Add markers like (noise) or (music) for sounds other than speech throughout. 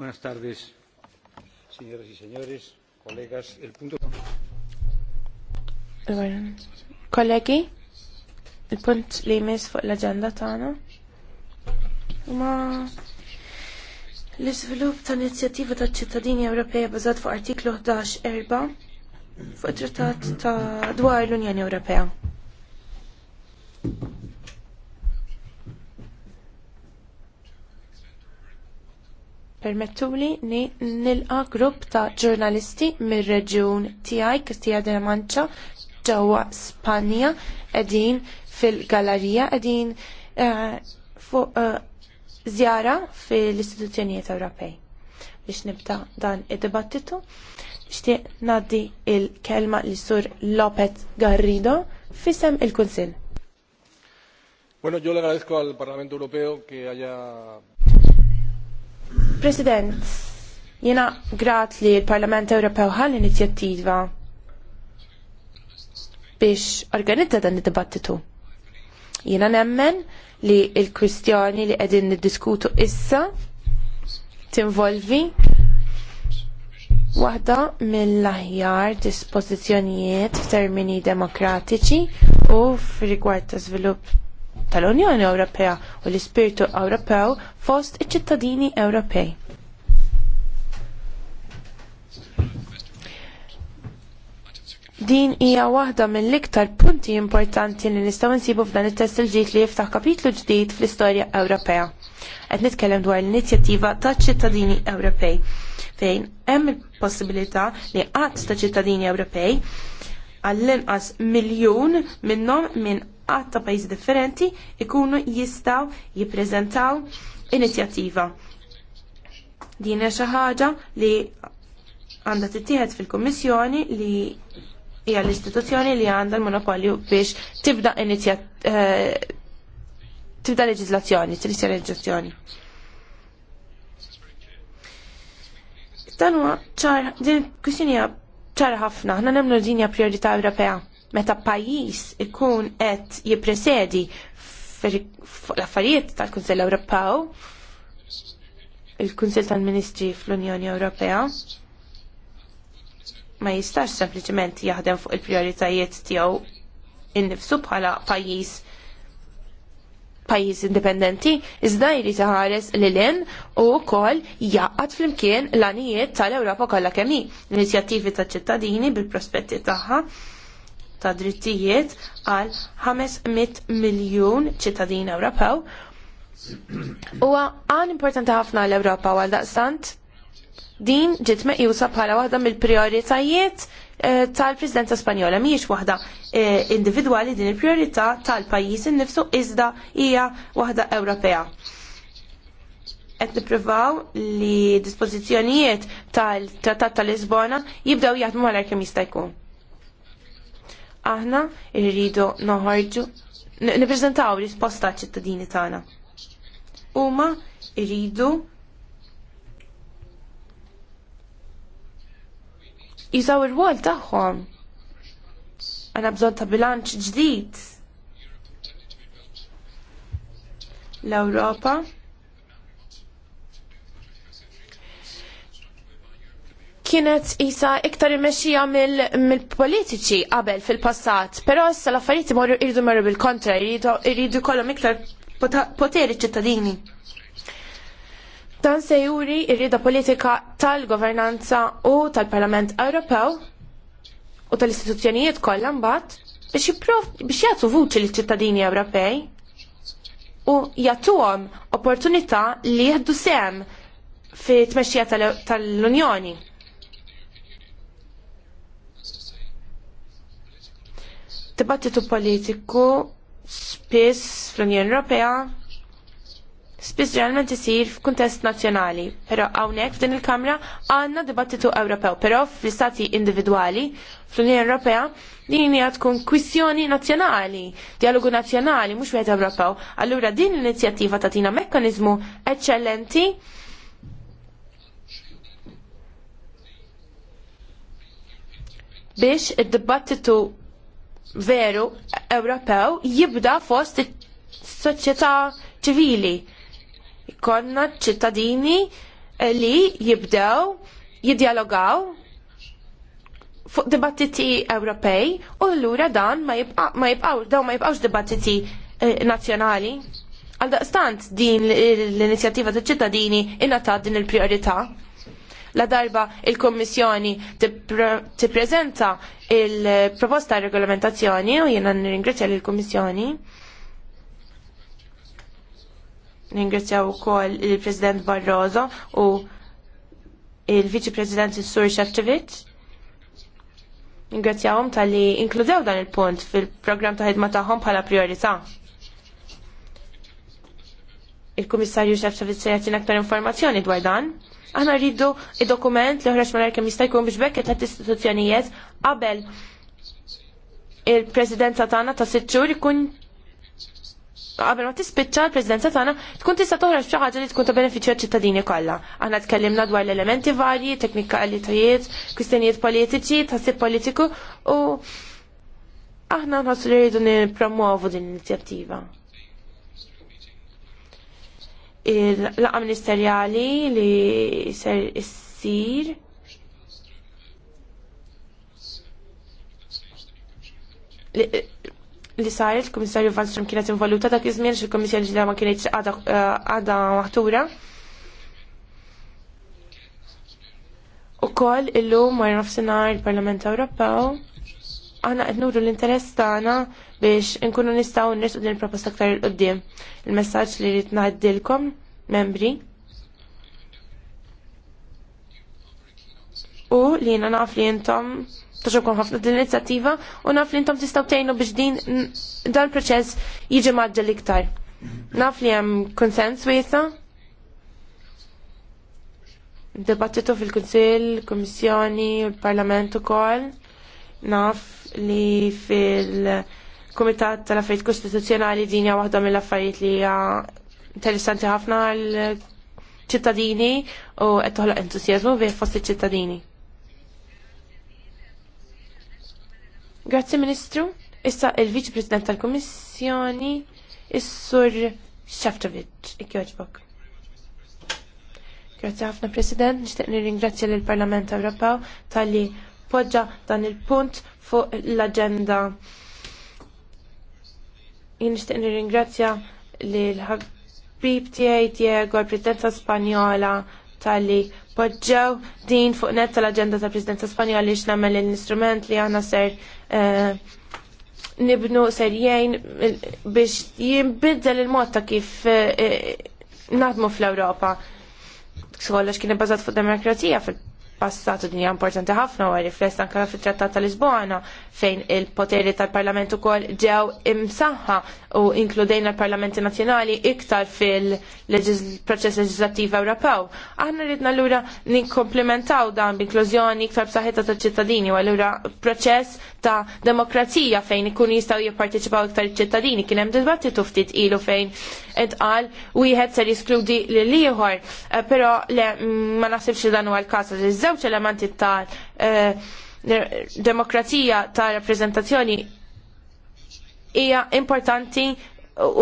Buenas tardes, señoras y señores, colegas. El punto. Kollegi, il-punt li jmiss fuq l-agenda tagħna huma l-iżvilupp ta' inizjattiva ta' ċittadini Ewropej bażat fuq artiklu 11 erba' fuq it-Trattat ta' dwar l-Unjoni Ewropea. permettuli ni nilqa grupp ta' ġurnalisti mir-reġjun tiegħi Kastija de Manċa ġewwa Spanja qegħdin fil-galerija qegħdin eh, fuq żjara eh, zjara fil-istituzzjonijiet Ewropej. Biex nibda dan id-dibattitu, xtieq ngħaddi il-kelma li sur Lopez Garrido fisem il-Kunsill. Bueno, yo le agradezco al Parlamento Europeo que haya President, jena grat li l-Parlament Ewropew ħall inizjattiva biex organizza dan id-dibattitu. Jena nemmen li il-kwistjoni li qegħdin niddiskutu issa tinvolvi waħda mill-aħjar dispożizzjonijiet f'termini demokratiċi u f'rigward ta' żvilupp tal-Unjoni Ewropea u l-ispirtu Ewropew fost iċ-ċittadini Ewropej. Din hija waħda mill-iktar punti importanti li nistgħu nsibu f'dan it-test il-ġdid li jiftaħ kapitlu ġdid fl-istorja Ewropea. Qed nitkellem dwar l-inizjattiva taċ-ċittadini Ewropej fejn hemm il-possibilità li qatt ta' ċittadini Ewropej għall-inqas miljun minnhom minn qatt ta' pajjiżi differenti ikunu jistgħu jippreżentaw inizjattiva. Din hija xi ħaġa li għandha tittieħed fil-Kummissjoni li hija l-istituzzjoni li għandha l-monopolju biex tibda inizjattiva eh, tibda leġiżlazzjoni, t leġiżlazzjoni. Dan huwa ċar, din kwistjoni ċar ħafna, ħna nemmnu din hija priorità Ewropea meta pajjiż ikun qed jipresedi l-affarijiet tal-Kunsell Ewropew, il-Kunsell tal-Ministri fl-Unjoni Ewropea, ma jistax sempliċement jaħdem fuq il-prioritajiet tiegħu innifsu bħala pajjiż pajjiż indipendenti, iżda jrid li lil in u wkoll jaqgħad flimkien l anijiet tal-Ewropa kollha kemm hi, l-inizjattivi taċ-ċittadini bil-prospetti tagħha ta' drittijiet għal 500 miljun ċittadin Ewropew. Huwa għan importanti ħafna l-Ewropa għal daqstant din ġiet meqjusa bħala waħda mill-prioritajiet eh, tal-Presidenza Spanjola mhijiex waħda eh, individwali din il-priorità tal-pajjiż innifsu iżda hija waħda Ewropea. Qed nippruvaw li dispożizzjonijiet tal-Trattat tal-Lisbona jibdew jaħdmu għal kemm jista' jkun aħna irridu noħorġu nippreżentaw risposta ċittadini tagħna. Huma irridu jisaw ir-rwol tagħhom. Għandna bżonn ta' bilanċ ġdid. L-Ewropa kienet isa iktar imexxija mill-politiċi mil qabel fil-passat, però issa l-affarijiet imorru irridu marru bil-kontra, irridu jkollhom iktar poteri ċittadini. Dan se juri irrida politika tal-governanza u tal-Parlament Ewropew u tal-istituzzjonijiet kollha mbagħad biex biex jagħtu vuċi liċ ċittadini Ewropej u jagħtuhom opportunità li jieħdu sehem fi tmexxija tal-Unjoni. Dibattitu politiku spiss fl-Unjoni Ewropea spiss ġeneralment isir f'kuntest nazzjonali, però hawnhekk f'din il-Kamra għandna dibattitu Ewropew, però fl-istati individwali fl-Unjoni Ewropea din hija tkun kwissjoni nazzjonali, dialogu nazzjonali mhux wieħed Ewropew. Allura din l-inizjattiva tagħtina mekkaniżmu eċċellenti biex id-dibattitu veru Ewropew jibda fost soċjetà ċivili. Konna ċittadini li jibdew jiddialogaw fuq dibattiti Ewropej u l-lura dan ma jibqaw, daw ma jibqawx dibattiti eh, nazjonali. Għaldaqstant din l-inizjattiva ta' ċittadini inna ta' din il priorita la darba il-Kommissjoni tippreżenta il-proposta regolamentazzjoni u jiena nirringrazzja lill kommissjoni Ningrazzja wkoll il-President Barroso u il-Viċi President Sur Shevchevich. Ningrazzjahom tal-li inkludew dan il-punt fil-programm ta' ħidma tagħhom bħala priorità il-Kummissarju Xefċavit se jagħtina aktar informazzjoni dwar dan. Aħna rridu id-dokument li ħraġ mal kemm jista' jkun biex bekket l-istituzzjonijiet qabel il-presidenza tagħna ta' sitt ikun qabel ma tispiċċa l-Presidenza tagħna tkun tista' toħroġ xi ħaġa li tkun ta' benefiċċju ċittadini kollha. Aħna tkellimna dwar l-elementi varji, teknikalitajiet, kwistjonijiet politiċi, tħassib politiku u aħna nħossu li rridu nippromuovu din l-inizjattiva il-laqa ministerjali li ser issir li, saret il-Komissarju Wallström kienet involuta dak iż-żmien l komissjoni ġdida ma kienet għadha eh, maħtura. Ukoll illum mar nofsinhar il-Parlament Ewropew għana qed nuru l-interess tagħna biex inkunu nistgħu nresqu din il-proposta aktar il qoddim Il-messaġġ li rrid ngħaddilkom membri u li jiena naf li intom taġobkom ħafna din l-inizjattiva u naf li intom tistgħu tgħinu biex din dan proċess jiġi maġġel iktar. Naf li hemm konsens wiesa' Debattitu fil-Kunsil, Komissjoni, il-Parlament ukoll. Naf li fil-Komitat tal-Affarijiet Kostituzzjonali din hija waħda mill-affarijiet li hija interessanti ħafna għal ċittadini u qed toħloq entużjażmu bih fost iċ-ċittadini. Grazzi Ministru. Issa il-Viċ President tal-Kummissjoni is-Sur Shaftovic. jogħġbok. Grazzi ħafna President, nixtieq nirringrazzja lill parlament Ewropew talli poġġa dan il-punt fuq l-agenda. Jien nixtieq nirringrazzja lil ħabib tiegħi Diego l-Presidenza Spanjola tal-li poġġew din fuq net tal-agenda tal-Presidenza Spanjola li x'nagħmel l-istrument li aħna ser eh, nibnu serjejn biex jinbidel il-mod ta' kif eh, eh, naħdmu fl-Ewropa. Kollox kien ibbażat fuq demokrazija fil passat din hija importanti ħafna u rifless anke fit-Trattat ta' Lisbona fejn il-poteri tal-Parlament ukoll ġew imsaħħa u inkludejna l-Parlamenti Nazzjonali iktar fil-proċess leġislattiv Ewropew. Aħna ridna allura nikkomplementaw dan b'inklużjoni iktar b'saħħitha tal-ċittadini u allura proċess ta' demokrazija fejn ikun jistgħu jipparteċipaw iktar ċittadini kien hemm dibattitu ftit ilu fejn qal wieħed ser jiskludi lil ieħor, eh, però le mm, ma naħsibx dan huwa l-każ żewġ elementi ta' eh, demokrazija ta' rappreżentazzjoni hija importanti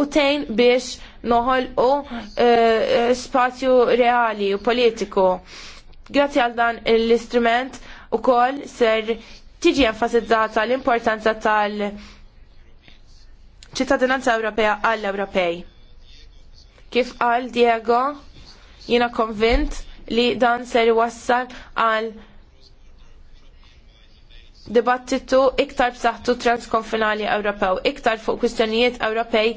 u tejn biex noħol u eh, spazju reali u politiku. Grazzi għal dan l-istrument u koll ser tiġi enfasizzata l-importanza tal- ċittadinanza Ewropea għall-Ewropej. Kif qal Diego, jiena konvint li dan ser wassal għal dibattitu iktar b'saħħtu transkonfinali Ewropew, iktar fuq kwistjonijiet Ewropej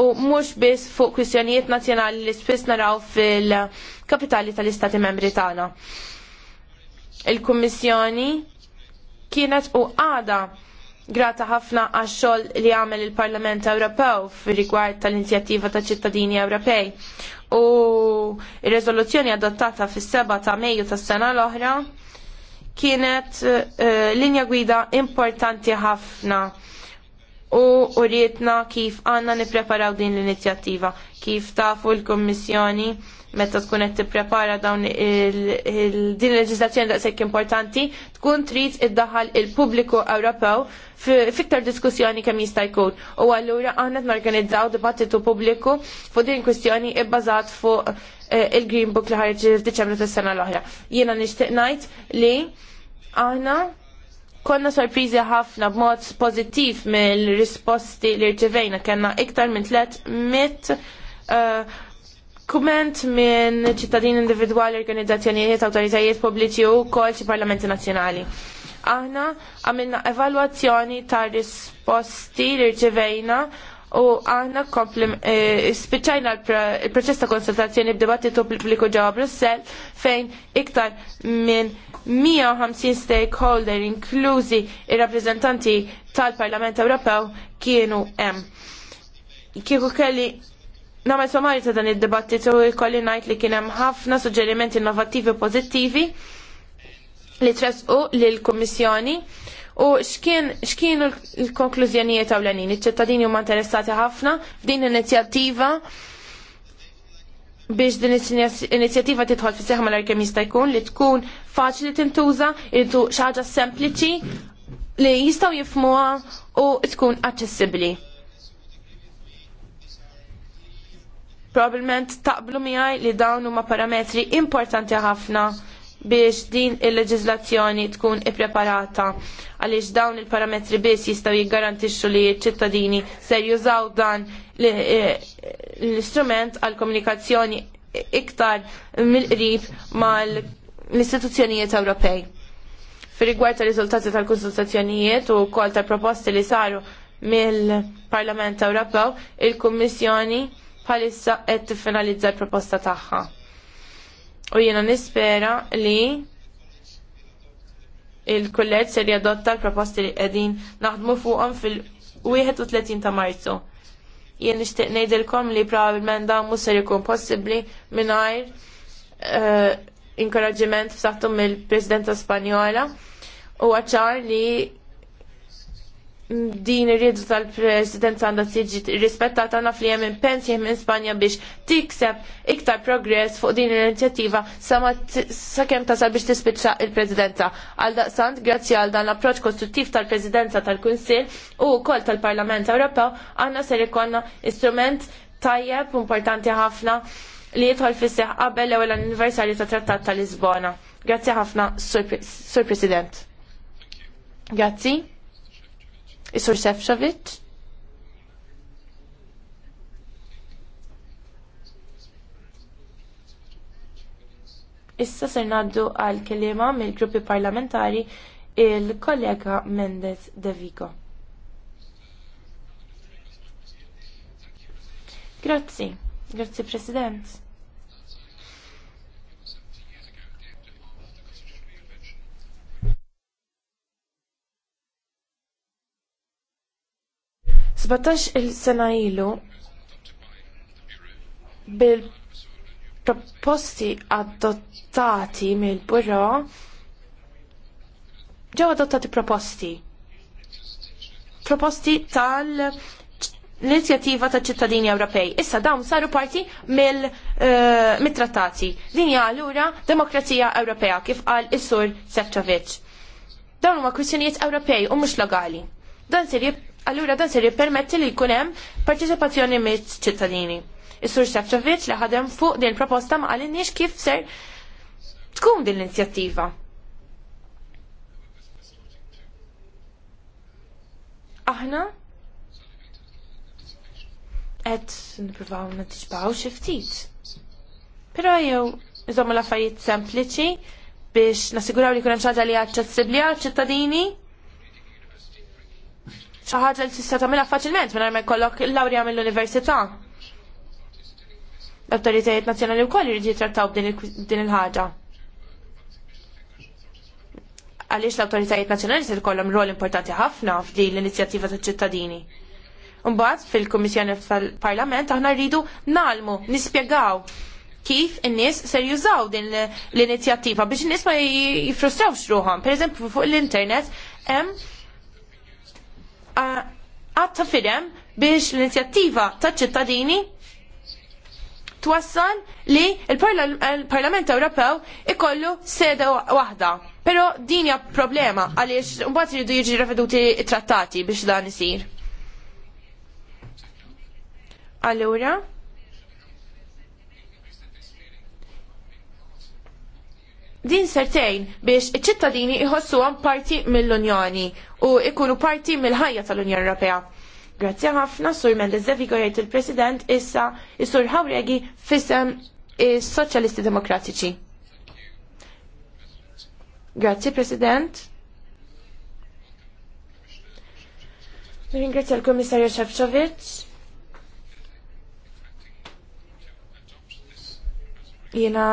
u mhux biss fuq kwistjonijiet nazzjonali li spiss naraw fil-kapitali tal-Istati Membri tagħna. Il-Kummissjoni kienet u għada grata ħafna għax-xogħol li għamel il-Parlament Ewropew fir rigward tal-inzjattiva ta' ċittadini Ewropej u il riżoluzzjoni adottata fis seba ta' Mejju tas-sena l-oħra kienet uh, linja gwida importanti ħafna u urietna kif għanna nipreparaw din l-inizjattiva, kif tafu l-Kommissjoni meta tkun qed tipprepara dawn din il-leġiżlazzjoni daqshekk importanti tkun trid iddaħal il-pubbliku Ewropew fiktar diskussjoni kemm jista' jkun. U allura aħna norganizzaw dibattitu pubbliku fuq din kwistjoni ibbażat fuq eh, il-Green Book li ħareġ f'Diċembru tas-sena l-oħra. Jiena nixtieq ngħid li aħna konna sorprizi ħafna b'mod pożittiv mill-risposti li rċevejna kellna iktar minn 300 mit eh, Kument minn ċittadini individwali, organizzazzjonijiet, autorizzajiet pubbliċi u kol xi parlamenti nazzjonali. Aħna għamilna evalwazzjoni ta' risposti li rċevejna u aħna eh, spiċajna il-proċess ta' konsultazzjoni b'dibattitu pubbliku ġewwa Brussell fejn iktar minn 150 stakeholder inklużi ir-rappreżentanti tal-Parlament Ewropew kienu hemm. Kieku kelli Namel somari ta' dan id-dibattitu jkolli ngħid li kien hemm ħafna suġġerimenti innovattivi pożittivi li tresqu lill kummissjoni u x'kienu l-konklużjonijiet ewlenin. Iċ-ċittadini huma interessati ħafna f'din l-inizjattiva biex din inizjattiva titħol fis seħma l-arkem jista' jkun li tkun faċli tintuża, irridu xaġa ħaġa sempliċi li jistgħu jifmuha u tkun aċċessibbli. Probabilment taqblu miħaj li dawn huma parametri importanti ħafna biex din il-leġizlazzjoni tkun ippreparata għaliex dawn il-parametri biss jistaw jiggarantixxu li ċ-ċittadini ser jużaw dan e, l-istrument għal komunikazzjoni iktar mill-qrib mal l-istituzzjonijiet Ewropej. Fi rigward tal-riżultati tal-konsultazzjonijiet u kol tal-proposti li saru mill-Parlament Ewropew, il-Kummissjoni bħalissa qed tiffinalizza l-proposta tagħha. U jiena nispera li il-kulleġġ ser jadotta l-proposti li qegħdin naħdmu fuqhom fil-31 ta' Marzu. Jien nixtieq ngħidilkom li probabbilment dan mhux ser ikun possibbli mingħajr uh, inkoraġġiment f'saħħtu mill-Presidenta Spanjola u għacċar li din ir tal-President għandha tiġi rispettata naf li hemm impens minn Spanja biex tikseb iktar progress fuq din l-inizjattiva sakemm tasal biex tispiċċa il-Presidenza. Għal daqsant, grazzi għal dan l-approċċ kostruttiv tal-Presidenza tal kunsil u kol tal-Parlament Ewropew għandna ser ikonna istrument tajjeb importanti ħafna li jidħol fis qabel l-ewwel anniversarju ta' Trattat tal Lisbona. Grazzi ħafna, Sur President. Grazzi. Isur Sefcovic? Issa ser naddu għal kelima mill-gruppi parlamentari il-kollega Mendez De Vigo. Grazzi, grazzi President. 17 il-sena ilu bil-proposti adottati mill-Buro ġew adottati proposti. Proposti tal l-inizjattiva ta' ċittadini Ewropej. Issa dawn saru parti mill-trattati. Eh, Din hija allura demokrazija Ewropea kif qal is-sur Sefcovic. Dawn huma kwistjonijiet Ewropej u mhux legali. Dan sir allura dan seri jippermetti li jkun hemm parteċipazzjoni mill-ċittadini. Is-Sur Sefcovic li ħadem fuq din il-proposta ma qalinniex kif ser tkun din l-inizjattiva. Aħna qed nippruvaw nitixbaw xi ftit. Però jew iżommu l-affarijiet sempliċi biex nasiguraw li jkun hemm xi ħaġa li aċċessibbli għal ċittadini xi ħaġa li tista' tagħmilha faċilment mingħajr ma jkollok il-lawrja mill-università. L-awtoritajiet nazzjonali wkoll jridu jittrattaw din il-ħaġa. Għaliex l-awtoritajiet nazzjonali se jkollhom rol importanti ħafna f'din l-inizjattiva tal-ċittadini. Mbagħad fil-Kummissjoni tal-Parlament aħna rridu nalmu, nispjegaw kif in-nies ser jużaw din l-inizjattiva biex in-nies ma jifrustrawx ruħhom. Pereżempju fuq l-internet hemm għatta fidem biex l-inizjattiva ta' ċittadini twassal li il-Parlament Ewropew ikollu seda waħda. Pero din hija problema għaliex mbagħad iridu jiġi reveduti trattati biex dan isir. Allura, din sertejn biex iċ-ċittadini għan parti mill-Unjoni u ikunu parti mill-ħajja tal-Unjoni Ewropea. Grazzi ħafna Sur Mendez Zevigo jgħid il-President issa sur Hawregi fissem is-Soċjalisti Demokratiċi. Grazzi President. Ringrazzja l-Komissarju Šefčovic. Jena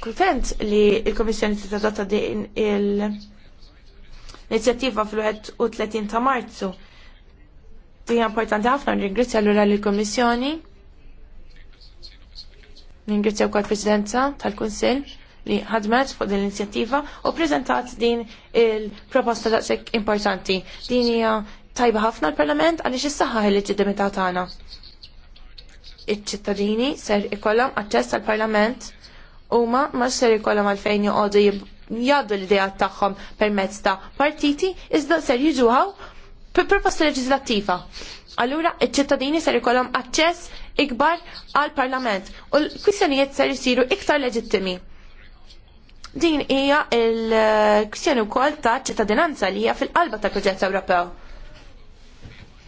kontent li il-Komissjoni t-tadotta din il-inizjattiva fl-31 ta' marzu. Dija importanti ħafna, ringrazzja l-ura l-Komissjoni. Ringrazzja u kol presidenza tal-Konsil li ħadmet fuq din l-inizjattiva u prezentat din il-proposta daqshekk importanti. Din hija tajba ħafna l-Parlament għaliex is-saħħa l tagħna. Iċ-ċittadini ser ikollhom aċċess għall-Parlament Uma ma ser jkollhom għalfejn joqogħdu jgħaddu l-idea tagħhom permezz ta' partiti iżda ser per proposta leġislattiva. Allura il ċittadini ser ikollhom aċċess ikbar għal parlament u l-kwistjonijiet ser jisiru iktar leġittimi. Din hija l-kwistjoni wkoll ta' ċittadinanza li hija fil-qalba tal proġett Ewropew.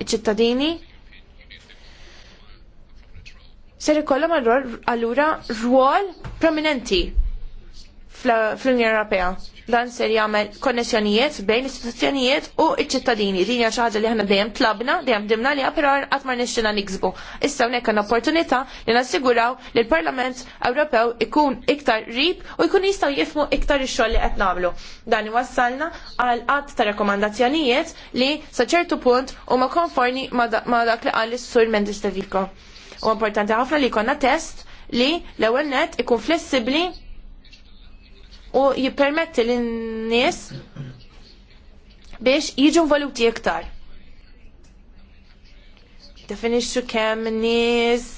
Iċ-ċittadini ser ikollhom allura rwol prominenti fl-Unjoni Ewropea. Dan ser jagħmel konnessjonijiet bejn istituzzjonijiet u ċ-ċittadini. Din hija xi ħaġa li aħna dejjem tlabna, dejjem dimna li però qatt ma nixxina niksbu. Issa hawnhekk hemm opportunità li nassiguraw li l-Parlament Ewropew ikun iktar rib u jkun jistgħu jifmu iktar ix-xogħol li qed nagħmlu. Dan iwassalna għal qatt ta' rakkomandazzjonijiet li sa ċertu punt huma konformi ma' dak li qal is-Sur Mendes de Vico. U importanti ħafna li jkollna test li l-ewwel net ikun flessibbli u jippermetti lin-nies biex jiġu involuti iktar. Definixxu kemm nies,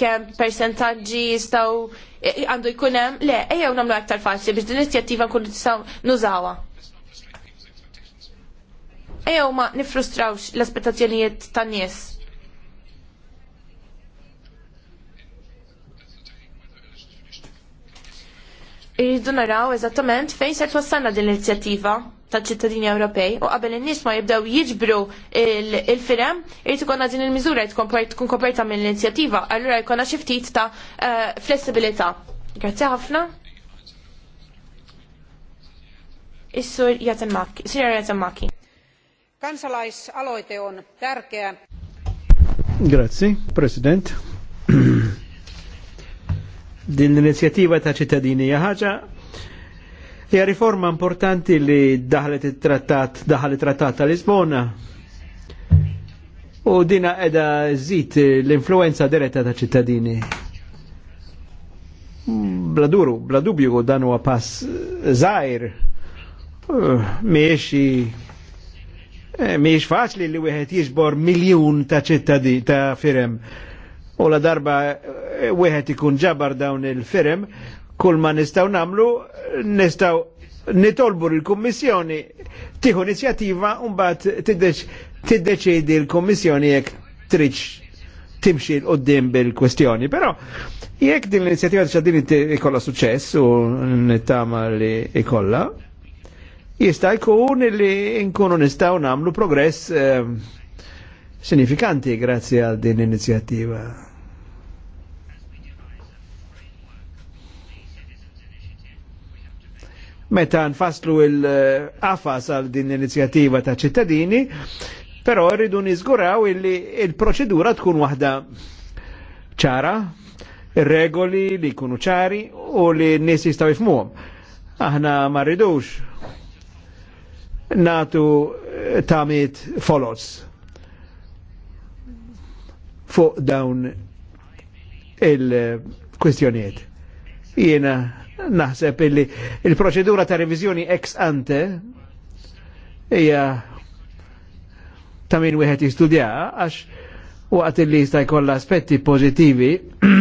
kemm percentaġġi jistgħu e, e, għandu jkun hemm, le, ejjew nagħmlu aktar faċli biex din inizjattiva nkunu tistgħu nużawha. Ejjew ma nifrustrawx l-aspettazzjonijiet tan-nies. Irridu naraw eżattament fejn se twassalna din l-inizjattiva tal-ċittadini Ewropej u qabel in-nies ma jibdew jiġbru il-firem, irid ikolna din il-miżura tkun koperta mill-inizjattiva, allura jkollna xi ftit ta' eh, flessibilità. Grazzi ħafna. Is-sur Jatenmaki. Sir Jatenmaki. Kansalaisaloite on tärkeä. Grazie, President din l-inizjattiva ta' ċittadini ħaġa hija riforma importanti li daħlet it-trattat daħal it-trattat ta' Lisbona. U dina edha żid l-influenza diretta ta' ċittadini. Bladuru, bladubju dan huwa pass żgħir miexi eh, miex faċli li wieħed jiġbor miljun ta' ċittadini ta' firem U la darba eh, wieħed ikun ġabar dawn il-firem, kull ma nistaw namlu, nistaw nitolbu l-Kommissjoni tiħu inizjattiva un bat tiddeċidi l-Kommissjoni jekk tridx timxi l-qoddim bil-kwestjoni. Però jekk din l-inizjattiva ċaddini ikolla suċess u n-tama li ikolla, jista' jkun li nkunu nistaw nagħmlu progress eh, sinifikanti grazzi għal din l-inizjattiva. Meta nfaslu il-qafas għal din l-inizjattiva ta' ċittadini, però rridu niżguraw illi il-proċedura tkun waħda ċara, regoli li jkunu ċari u li n nis jistaw jifmuhom. Aħna ma rridux natu tamit folos fuq dawn il-kwestjoniet. Jiena naħseb illi il-proċedura ta' revizjoni ex ante hija ta' min wieħed jistudja għax waqt illi jista' jkollha aspetti pożittivi (coughs)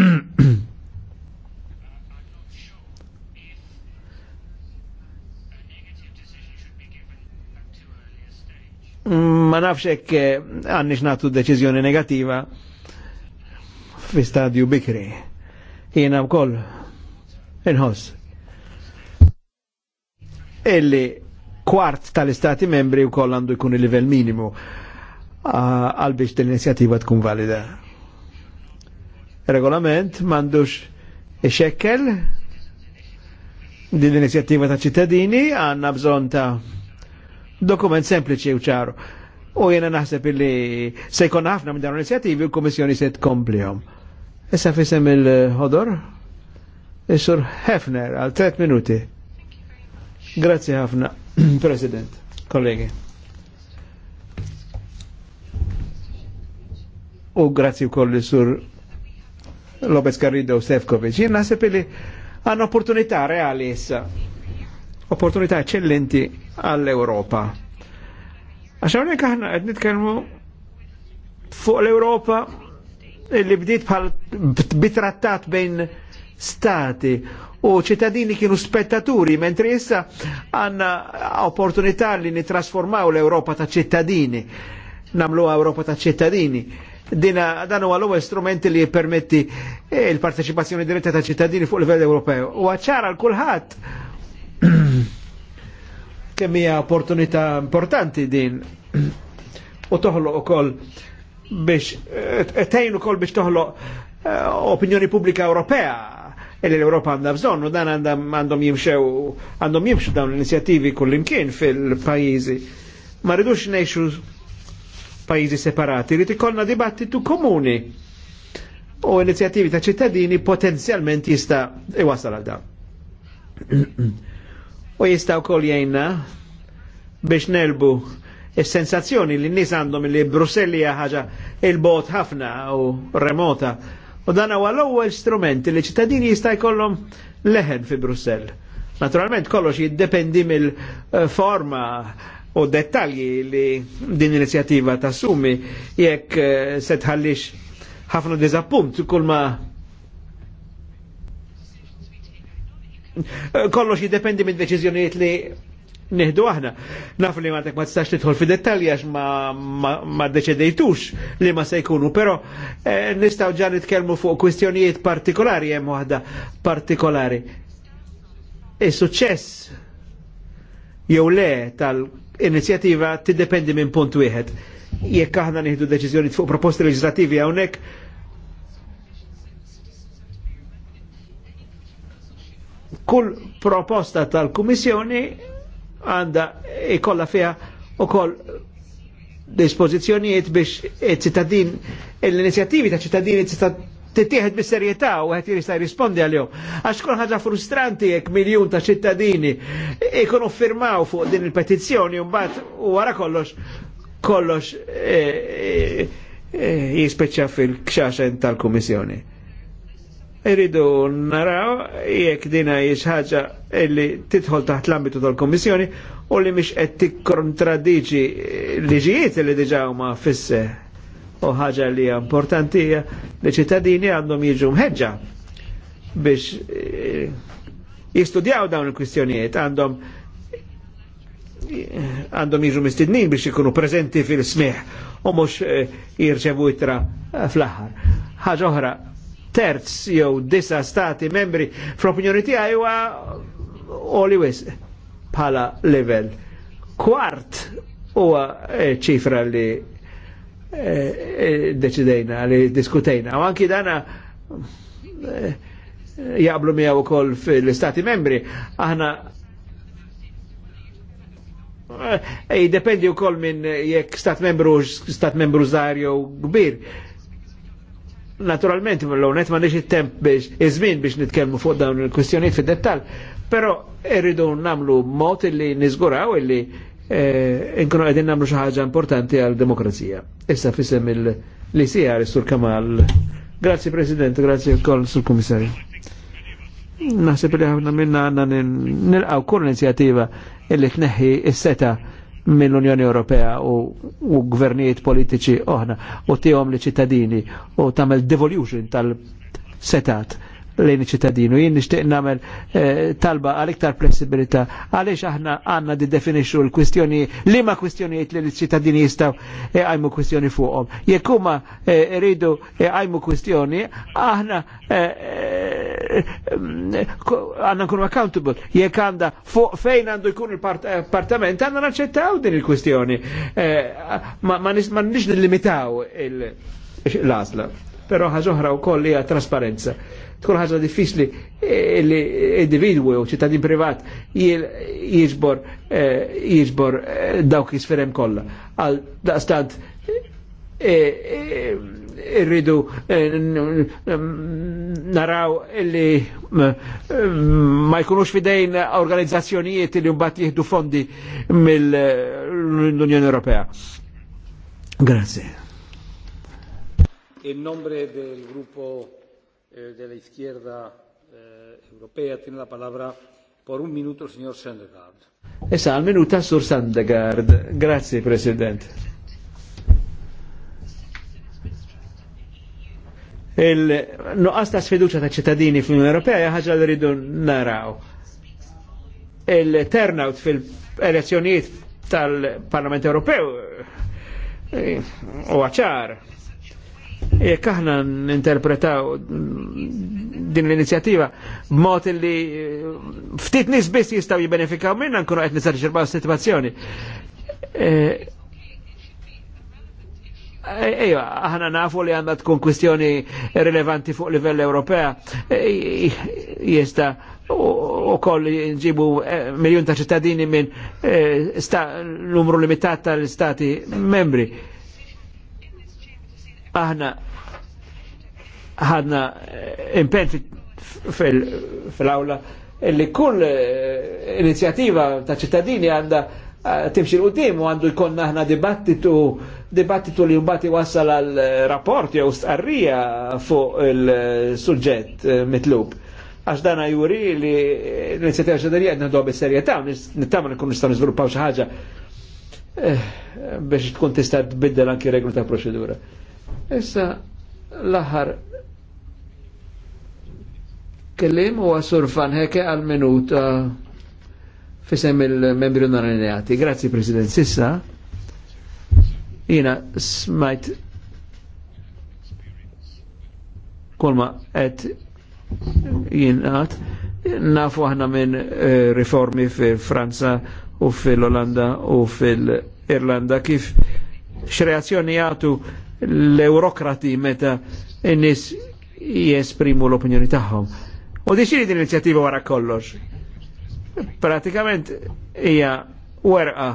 ma nafx hekk għandix nagħtu deċiżjoni negattiva fi stadju bikri. Jiena wkoll inħoss illi kwart tal-istati membri u koll għandu jkun il-livell minimu għal biex l-inizjativa tkun valida. Regolament mandux ixekkel din l-inizjattiva ta' ċittadini għanna bżon ta' dokument sempliċi u ċaru. U jena naħseb illi se jkun ħafna minn dan l-inizjattivi u l-Komissjoni se tkomplihom. Issa fisem il-ħodor, il-sur Hefner, għal 3 minuti. Grazie ħafna, (clears throat) President, kollegi. U grazie kolli sur Lopez Carrido u Stefkovic. Jien naħseb li għan opportunità reali issa. Opportunità eccellenti għall-Europa. għonek għahna għed nitkelmu fuq l-Europa li bdiet bħal bitrattat bejn stati u ċittadini kienu spettaturi, mentri issa għanna opportunità li nitrasformaw l-Europa ta' ċittadini, namlu Europa ta' ċittadini. Dina, dan huwa strumenti li permetti eh, il-parteċipazzjoni diretta ta' ċittadini fuq livell Ewropew. U għacċara l kulħat (clears throat) kemm opportunità importanti din (clears throat) u u koll biex eh, tejnu kol biex toħlo eh, opinjoni pubblika Ewropea illi l-Europa għandha bżonn u dan għandhom jimxew għandhom jimxu dawn l-inizjattivi kullimkien fil-pajjiżi. Ma rridux ngħixu pajjiżi separati, rid ikollna dibattitu komuni u inizjattivi ta' ċittadini potenzjalment jista' iwasal għal dan. (clears throat) u jista' kol jajna biex nelbu is-sensazzjoni li n-nies għandhom li Brusselli hija ħaġa il-bot ħafna u remota. U dan huwa l-ewwel strumenti li ċittadini jista' jkollhom leħen fi Brussell. Naturalment kollox jiddependi mill-forma u dettalji li din inizjattiva tassumi jekk eh, se tħallix ħafna dizappunt kull ma eh, kollox jiddependi minn deċiżjonijiet li Nihdu aħna. Naf li matek ma tistax tidħol fi dettalji għax ma deċedejtux li ma se jkunu, però eh, nistgħu ġa nitkellmu fuq kwistjonijiet partikolari hemm waħda partikolari. Is-suċċess jew le tal-inizjattiva tiddependi minn punt wieħed. Jekk aħna nieħdu deċiżjoni fuq proposti leġislativi hawnhekk kull proposta tal-Kummissjoni għanda ikolla fija u koll dispozizjoniet biex ċittadin, l-inizjattivi ta' ċittadin tittieħed bis-serjetà u għet jirista' jirrispondi għal-jom. Għax kol ħaġa frustranti jek miljun ta' ċittadini ikonu firmaw fuq din il-petizzjoni u għara wara kollox kollox eh, eh, eh, jispeċċa fil-kxaxen tal-Kummissjoni. Iridu naraw jekk dina hiex illi titħol taħt l-ambitu tal-Kommissjoni u li mhix qed tikkontradiġi liġijiet li diġà huma fisse u ħaġa li hija importanti li ċittadini għandhom jiġu mħeġġa biex eh, jistudjaw dawn il-kwistjonijiet għandhom għandhom jiġu mistednin biex ikunu prezenti fil-smiħ u mux eh, jirċevu itra fl-aħħar. Ħaġa oħra terz jew disa stati membri fl-opinjoni tiegħi huwa oliwis bħala level. Kwart huwa eh, ċifra li eh, eh, deċidejna, li diskutejna. U anki dana jaqblu miegħu ukoll fil-Stati membri, aħna Ej, dependi u koll minn jekk stat membru, stat membru zaħir jew kbir. Naturalment, l-għonet ma nix il-temp biex, izmin biex nitkelmu fuq dawn il-kwistjoniet fid dettal pero irridu namlu mot illi nizguraw illi eh, inkunu għedin namlu xaħġa importanti għal-demokrazija. Issa fissem il-LCR, sur Kamal. Grazie President, grazie kol sur Komissarju. Naħseb li ħafna minna għanna nil nilqaw kull inizjativa illi tneħħi il seta mill-Unjoni Ewropea u, u gvernijiet politiċi oħna u tihom li ċittadini u tagħmel devolution tal-setat lejn iċ-ċittadinu. Jien nixtieq nagħmel eh, talba għal iktar flessibilità għaliex aħna għandna diddefinixxu l-kwistjoni li ma kwistjonijiet li l-ċittadini jistgħu jgħajmu kwistjoni fuqhom. Jekk huma rridu eh, kwistjoni, aħna eh, eh, għandna nkunu accountable. Jekk għandha fuq fejn għandu jkun il-partament għandna naċċettaw din il-kwistjoni. Ma, ma nix nillimitaw il-lasla. Però ħaġa oħra wkoll hija trasparenza tkun ħaġa diffiċli eh, li individwu u ċittadin privat jiġbor eh, jiġbor eh, dawk jisferem kollha. Għal daqstant irridu naraw li ma jkunux fidejn organizzazzjonijiet li mbagħad jieħdu fondi mill-Unjoni Ewropea. Grazie. In nombre del gruppo Eh, de la izquierda eh, europea tiene la palabra por un minuto el señor Sendegard. Esa, al minuto, Sur Sendegard. Grazie, Presidente. Il-nuqqas ta' sfiduċa ta' ċittadini fl-Unjoni Ewropea ħaġa rridu naraw. Il-turnout fil-elezzjonijiet tal-Parlament Ewropew u eh, għacħar jekk aħna ninterpretaw din l-inizjattiva b'mod li eh, ftit nies biss jistgħu jibbenefikaw minna nkunu qed nisarġerbaw sitwazzjoni. Ejwa, eh, eh, aħna nafu li għandha tkun kwistjoni rilevanti fuq livell Ewropea. Jista' u koll nġibu miljun ta' ċittadini minn numru limitat tal istati membri Aħna ħadna eh, impen fil-awla illi kull eh, inizjativa ta' ċittadini għanda eh, timxil u qudiem u għandu jkun aħna dibattitu dibattitu li jumbati iwassal għal rapport jew starrija fuq il sujġet mitlub. Għax dana juri li l-inizjativa ċittadini għadna dobi serjetà, nittama nkun nistgħu niżviluppaw xi ħaġa biex tkun tista' tbiddel anki reglu ta' proċedura. Issa l-aħħar kellim u għasurfan heke għal minut fisem il-membri non-allineati. Grazie, President. Sissa, jina smajt kolma et jinaħt nafu aħna minn eh, riformi fil-Franza u fil-Olanda u fil-Irlanda kif xreazzjoni jgħatu l-eurokrati meta n-nis jesprimu l-opinjoni taħħom. U diċini din inizjattiva wara kollox? Pratikament hija werqa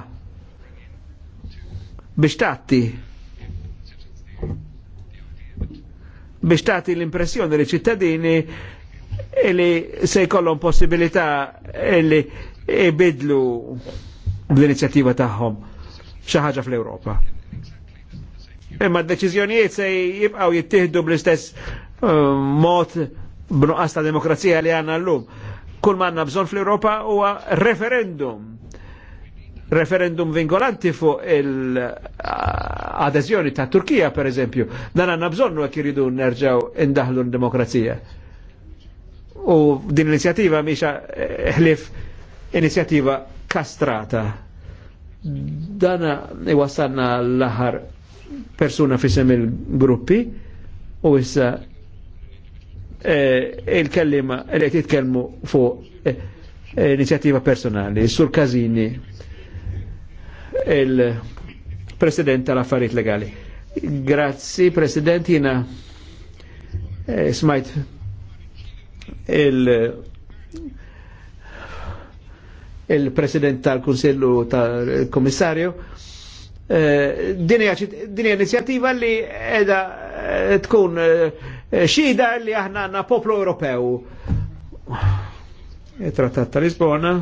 biex tatti biex tagħti l-impressjoni li ċittadini li se jkollhom possibilità li ibidlu l-inizjattiva tagħhom xi ħaġa fl-Ewropa. Imma d-deċizjonijiet se jibqaw jittihdu bl-istess eh, mod b'nuqqas ta' demokrazija li għanna l-lum. Kull manna bżon fl-Europa huwa referendum. Referendum vingolanti fuq il-adezjoni ta' Turkija, per eżempju. Dan għanna bżon u jiridu nerġaw indaħlu l-demokrazija. U din l-inizjativa miexa ħlif inizjativa kastrata. Dana iwasanna l-aħar persuna fisem il-gruppi u issa eh, il-kellima li għet jitkellmu fu eh, eh, inizjattiva personali. Sur Kazini il-President tal-Affarijiet Legali. Grazzi, President, jina smajt il- il-President tal kunsillu tal-Komissarju Eh, dinja inizjattiva li edha eh, tkun eh, xida li aħna għanna poplu Ewropew. Trattat ta' Lisbona.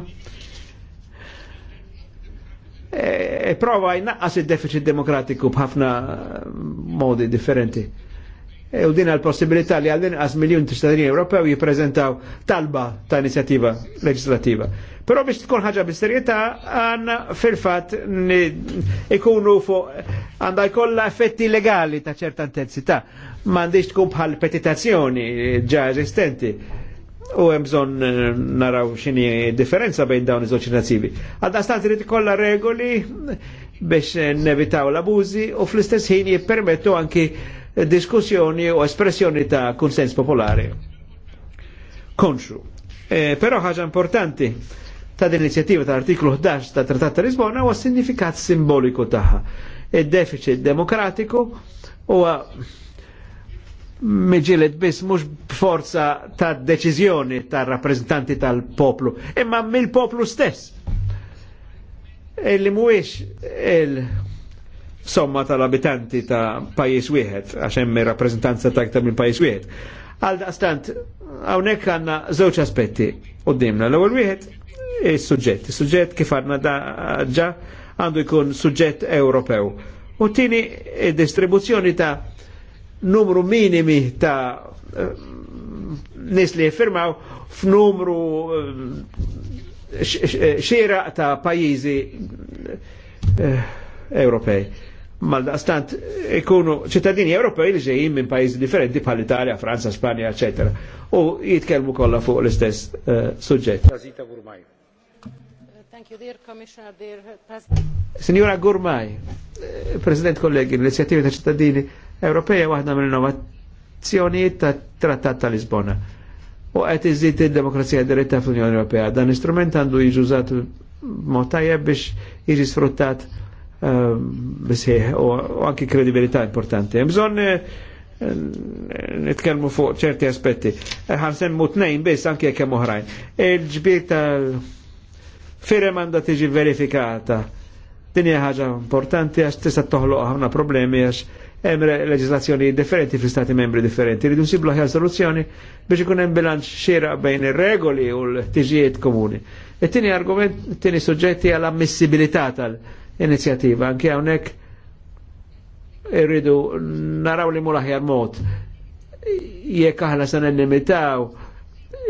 Prova jnaqqas il-deficit demokratiku bħafna modi differenti. E u din għal-possibilità li għal għas miljon t ċittadini Ewropew jiprezentaw talba ta' inizjattiva legislativa. Però biex tkun ħagġa bis-serjetà għandna fil-fatt ikunu fuq għandha jkollha effetti legali ta' ċerta intensità. M'għandix tkun bħal petitazzjoni ġa eżistenti. U hemm bżonn eh, naraw x'inhi differenza bejn dawn iż-żewġ inizjattivi. Għadda stant irid ikollha regoli biex eh, nevitaw l-abużi u fl-istess ħin jippermettu anki diskussjoni u espressjoni ta' konsens popolari. Konxu. E, però ħaġa importanti ta' din inizjattiva ta' artiklu 11 ta' Trattat ta' Lisbona huwa sinifikat simboliku tagħha. Id-deficit e, demokratiku huwa meġilet biss mhux b'forza ta' deċiżjoni ta' rappreżentanti tal-poplu, imma mill-poplu stess. Illi e, mhuwiex il somma tal-abitanti ta' pajis wieħed, għax hemm rappreżentanza ta' aktar minn pajis wieħed. Għal daqstant, hawnhekk għandna żewġ aspetti qudiemna. L-ewwel wieħed is-suġġett. Is-suġġett kif għandna ġa għandu jkun suġġett Ewropew. U tini distribuzzjoni ta' numru minimi ta' nis li jiffirmaw f'numru eh, eh, xira ta' pajizi eh, Ewropej. Uh, mal-dastant ikunu ċittadini Ewropej li ġejjin minn pajjiżi differenti bħal Italja, Franza, Spanja, eċetera. U jitkellmu kollha fuq l-istess uh, suġġett. Signora Gurmaj, eh, President kollegi, l-inizjattivi ta' ċittadini Ewropeja waħda mill-innovazzjonijiet ta' Trattat ta' Lisbona. U qed iżid id-demokrazija diretta fl-Unjoni Ewropea. Dan l-istrument għandu jiġużat mod tajjeb biex jiġi sfruttat bisħieħ u anki kredibilità importanti. Bżon eh, nitkelmu fuq ċerti aspetti. Eh, Ħan semmu tnejn bis anki jekk oħrajn. Il-ġbir tal-firem għandha tiġi verifikata. Din hija ħaġa importanti għax tista' toħloq ħafna problemi għax hemm leġislazzjoni differenti fl-istati membri differenti. Ridu nsiblu ħjar soluzzjoni biex ikun hemm bilanċ xiera bejn ir-regoli u l-ħtiġijiet komuni. It-tieni argument, it-tieni suġġetti għall ammissibilità tal- inizjattiva. Anke hawnhekk irridu naraw li mul aħjar mod. Jekk aħna se nillimitaw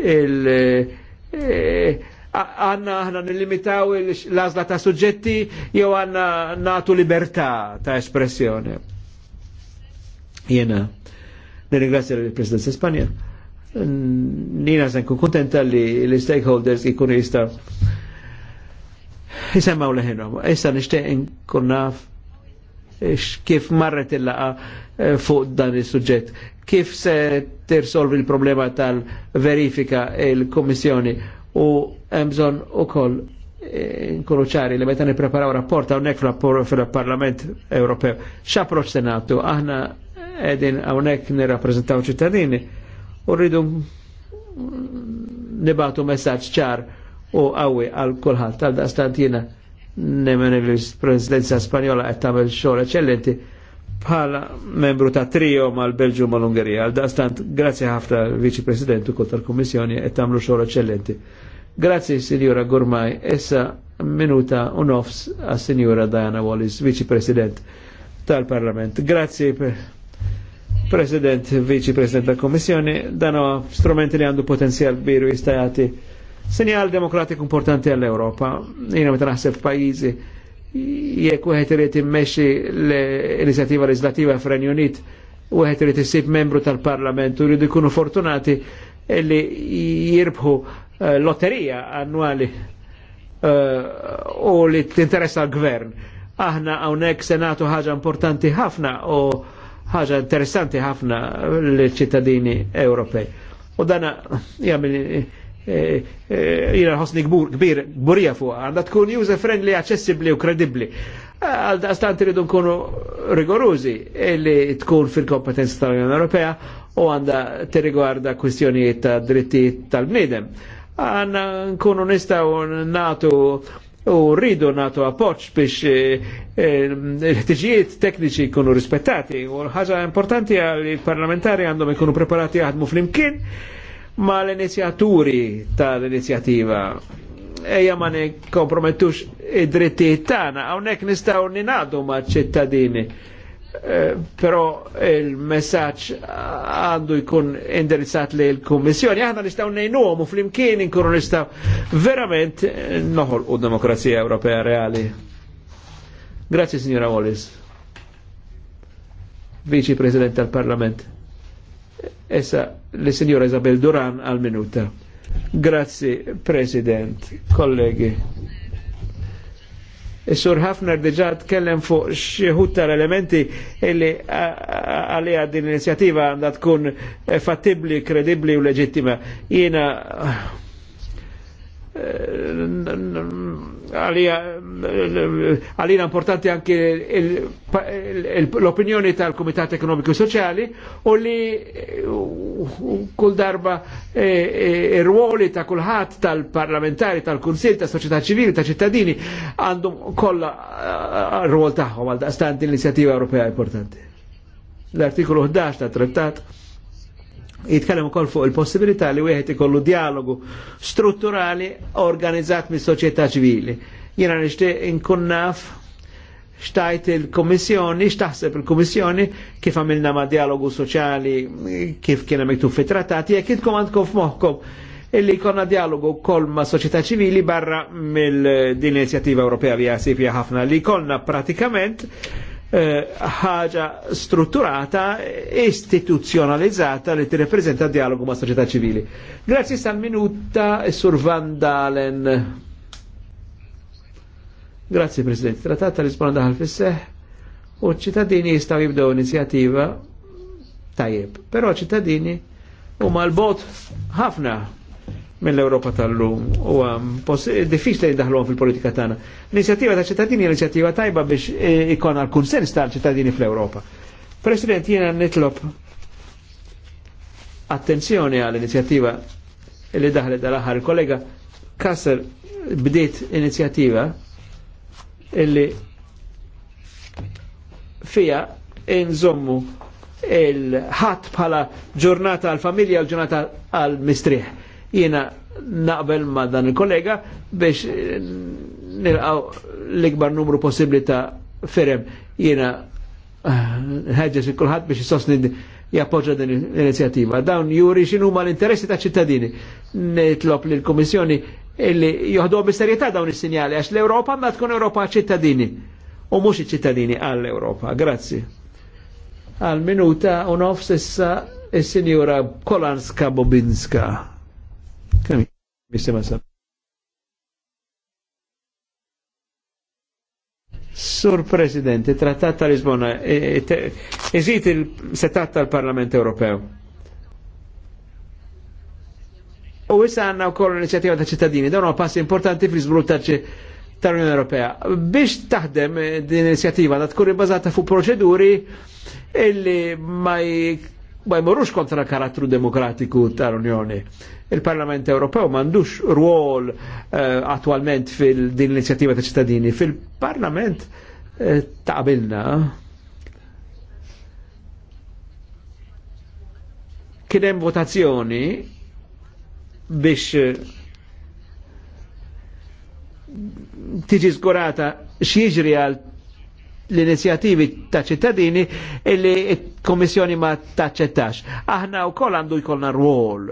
il eh, għanna aħna nillimitaw l-azla ta' suġġetti jew għanna natu libertà ta' espressjoni. Jena, nirringrazzja l-Presidenza Spanja nina sen kun kontenta li l-stakeholders ikun jistaw jisemmaw leħinhom. Issa nixtieq inkun naf kif marret il-laqa eh, fuq dan is-suġġett. Kif se tirsolvi l-problema tal-verifika il-Kommissjoni u hemm bżonn ukoll eh, nkunu ċari li meta nippreparaw rapport hawnhekk fil-Parlament Ewropew. X'approċċ se nagħtu? Aħna qegħdin hawnhekk nirrappreżentaw ċittadini u rridu nibatu messaġġ ċar u għawi għal kulħadd tal daqstant nemmen il-presidenza Spanjola għed tamel xogħol eċċellenti bħala membru ta' trio mal belġu mal ungerija Għal daqstant, grazie ħafna viċi presidentu kol tal-Kommissjoni għed tamlu xogħol eccellenti. Grazie, Sinjura Gurmaj, essa minuta un offs għas Sinjura Diana Wallis, viċi president tal-Parlament. per... President, Viċi President tal-Kommissjoni, Dano strumenti li għandu potenzjal biru jistajati Sinjal demokratiku importanti għall-Europa, jina meta naħseb pajizi, jek u għet irid immexxi l inizjativa legislativa fren Unit, wieħed irid isib membru tal parlamentu rridu jridu jkunu fortunati li jirbħu eh, lotterija annuali eh, u li t-interessa għvern. Aħna hawnhekk senatu ħaġa importanti ħafna u ħaġa interessanti ħafna l-ċittadini Ewropej. U dana jgħamil Eh, eh, jina ħosni kbir, kburija fuqa, għanda tkun user friendly, accessibli u kredibli. Għalda daqstant rridu nkunu rigorużi li tkun fil-kompetenza tal-Unjoni Ewropea u għanda t-rigwarda kwistjonijiet ta' dritti tal-bnidem. Għanna nkunu nistaw natu u rridu natu appoċ biex eh, l-ħtiġijiet tekniċi jkunu rispettati u l-ħagġa importanti għal parlamentari għandhom ikunu preparati għadmu fl-imkien ma l-inizjaturi tal-inizjativa. Eja ma ne kompromettux id-drittijiet tana, għonek nistaw ninadu ma' ċittadini. Eh, però il messagġ għandu jkun indirizzat li l-Kummissjoni. Aħna nistgħu ngħinuhom u flimkien inkunu nistaw verament u demokrazija Ewropea reali. Grazie signora Wallis, Vice President del Parlamento. Essa le signora Isabel Duran al minuta. Grazie, President, kollegi. Is-sur e Hafner diġa tkellem fuq xieħut tal-elementi illi għalija din l-inizjativa għandha tkun eh, fattibli, kredibli u leġittima. Jiena eh, għalina importanti anke l-opinjoni tal-Komitat Ekonomiku e Soċjali u li kull darba e, e, ir-ruoli ta' kulħadd tal-parlamentari, tal-kunsil, ta' soċjetà ċivili, ta' ċittadini għandhom kollha r-rwol tagħhom għal daqstanti l-inizjattiva Ewropea importanti. L-artikolu 11 tat trattat jitkellem ukoll fuq il-possibilità li wieħed ikollu dialogu strutturali organizzat mis-soċjetà ċivili. Jiena nixtieq inkun naf xtajt il-Komissjoni, xtaħseb il-Komissjoni kif għamilna ma' dialogu soċjali kif kiena miktub fit trattati, jekk intkom għandkom f'moħħkom illi konna dialogu wkoll ma' soċjetà ċivili barra mill-din inizjattiva Ewropea via sipja ħafna li konna pratikament Eh, ħaġa strutturata, istituzjonalizzata li tirrepreżenta dialogu ma' soċjetà ċivili. Grazzi sal minuta Sur Van Dalen. Grazzi President. Trattata risponda għal fisseħ u ċittadini jistaw jibdow inizjativa tajjeb, però ċittadini u mal-bot ħafna mill-Europa tal-lum u diffiċ li jiddaħluhom fil-politika tagħna. L-inizjattiva ta' ċittadini l inizjattiva tajba biex e, ikon għal kunsens tal-ċittadini fl-Europa. President, jiena nitlob attenzjoni għall inizjattiva li daħlet dal-aħħar kollega Kasser bdiet inizjattiva illi fija inżommu il-ħat bħala ġurnata għal-familja u ġurnata għal-mistriħ Jiena naqbel ma dan il-kollega biex eh, nilqaw l-ikbar numru possibli ta' ferem jiena eh, ħagġa xi biex jisostni jappoġġa din l inizjativa Dawn juri xinu ma l-interessi ta' ċittadini. Nitlop li l komissjoni illi joħdu bis-serjetà dawn il sinjali għax l europa ma tkun Europa ċittadini u mux ċittadini għall europa Grazzi. Għal minuta un offsessa il is-Sinjura Kolanska Bobinska. Kemm jisima sa. Sur Presidente, trattata a Lisbona, e, e, eżit il setatta al Parlamento Europeo? O questa anna u koll l-inizjativa ta' ċittadini, dawn passi importanti fl-izvilupp tal-Unjoni Ewropea. Biex taħdem eh, di iniziativa inizjativa da tkun bazata fuq proċeduri illi mai ma jmurux kontra karattru demokratiku tal-Unjoni. Il-Parlament Ewropew mandux ruol uh, eh, attualment fil-din l-inizjattiva ta' ċittadini. Fil-Parlament uh, ta' qabilna kienem votazzjoni biex eh, tiġi zgurata xieġri għal l-inizjativi ta' ċittadini illi il-Komissjoni ma taċċettax. Aħna u koll għandu jkollna rwol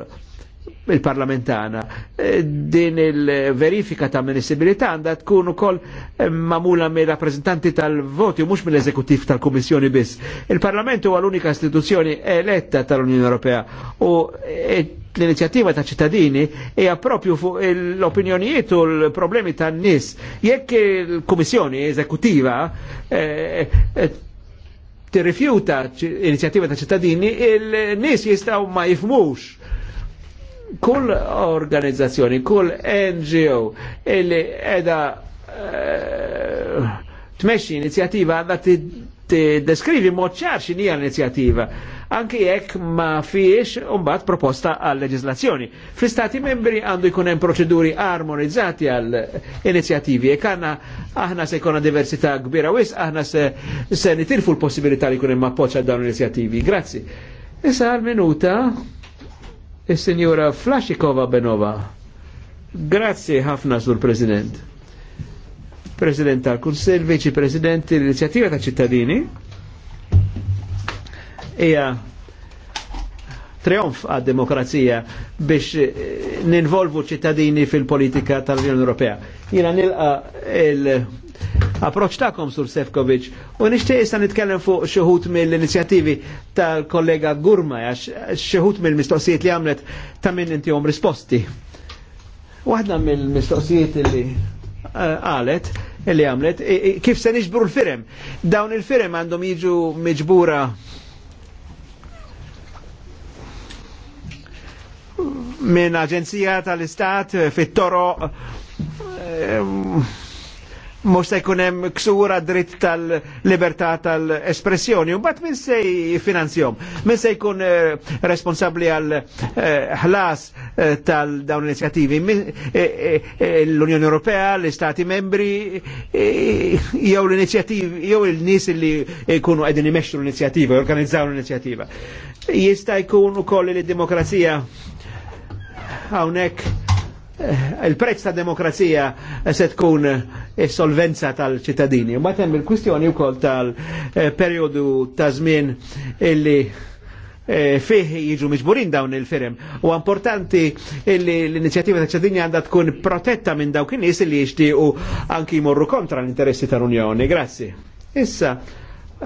il-parlamentana. E, din il-verifika ta' ammissibilità għandha tkun ukoll e, mamula mill rappresentanti tal-voti u mhux mill-eżekutiv tal-Kummissjoni biss. Il-Parlament huwa l-unika istituzzjoni eletta tal-Unjoni Ewropea u e, l-inizjattiva ta' ċittadini hija propju fuq l-opinjonijiet u l-problemi tan-nies. Jekk il-Kummissjoni eżekutiva tirrifjuta inizjattiva ta' ċittadini, il-nies jistgħu ma jifmux kull organizzazzjoni, kull NGO illi edha uh, tmexxi inizjattiva għandha t-deskrivi mod ċarxi nija l-inizjattiva, anki jekk ma fiex umbat proposta għal leġislazzjoni. Fi stati membri għandu jkun hemm proċeduri armonizzati għal inizjattivi, jekk għanna aħna se jkun diversità kbira wis, aħna se, se nitilfu l-possibilità li jkun hemm appoġġ għal dawn l-inizjattivi. Grazzi. Issa għal minuta il-Sinjura Flashikova Benova. Grazie ħafna, Sur President. President tal-Kunsel, Viċi President l-Inizjattiva ta' ċittadini. Ija trionf għad demokrazija biex eh, ninvolvu ċittadini fil-politika tal-Unjoni Ewropea. Jina nilqa il- approċ ta'kom sur Sefkovic u nishtiq issa nitkellem fuq xeħut mill-inizjattivi tal-kollega Gurma għax xeħut mill-mistoqsijiet li għamlet ta' minn intihom risposti. Waħda mill-mistoqsijiet li eh, għalet li għamlet kif se nixbru l-firem. Dawn il-firem għandhom jiġu miġbura minn aġenzija tal-istat eh, fit-toro eh, mux se jkunem ksura dritt tal-libertà tal-espressjoni. U bat min se finanzjom? Min se jkun eh, responsabli għal eh, ħlas eh, tal-dawn inizjativi? L-Unjoni Ewropea, l-Istati membri, jew l-inizjativi, jew il-nis li jkunu għedin imexxu l-inizjativa, jorganizzaw l-inizjativa. Jista jkun u koll li demokrazija għawnek Eh, il-prezz ta' demokrazija se tkun is-solvenza eh, tal-ċittadini. Ma temm il-kwistjoni wkoll tal-perjodu ta' żmien illi eh, fih jiġu miġburin dawn il-firem. U importanti illi l-inizjattiva ta' ċittadini għandha tkun protetta minn dawk in-nies illi jixtiequ anki jmorru kontra l-interessi tal-Unjoni. Grazzi. Issa,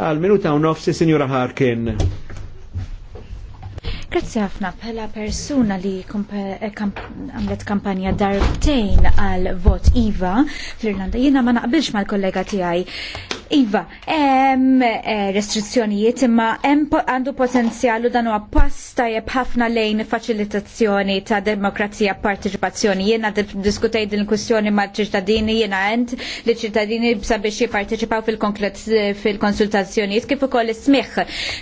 għal minuta u nofsi, Signora Harkin. Grazzi ħafna bħala persuna li eh, għamlet kampanja darbtejn għal vot IVA fl-Irlanda. Jiena ma naqbilx mal-kollega tiegħi Iva, hemm eh, restrizzjonijiet imma em għandu potenzjalu dan huwa pass tajjeb ħafna lejn faċilitazzjoni ta' demokrazija partiċipazzjoni. Jiena diskutej din il-kwistjoni ma' ċittadini jiena għend li ċittadini sabiex jipparteċipaw fil-konsultazzjonijiet kif ukoll ismiħ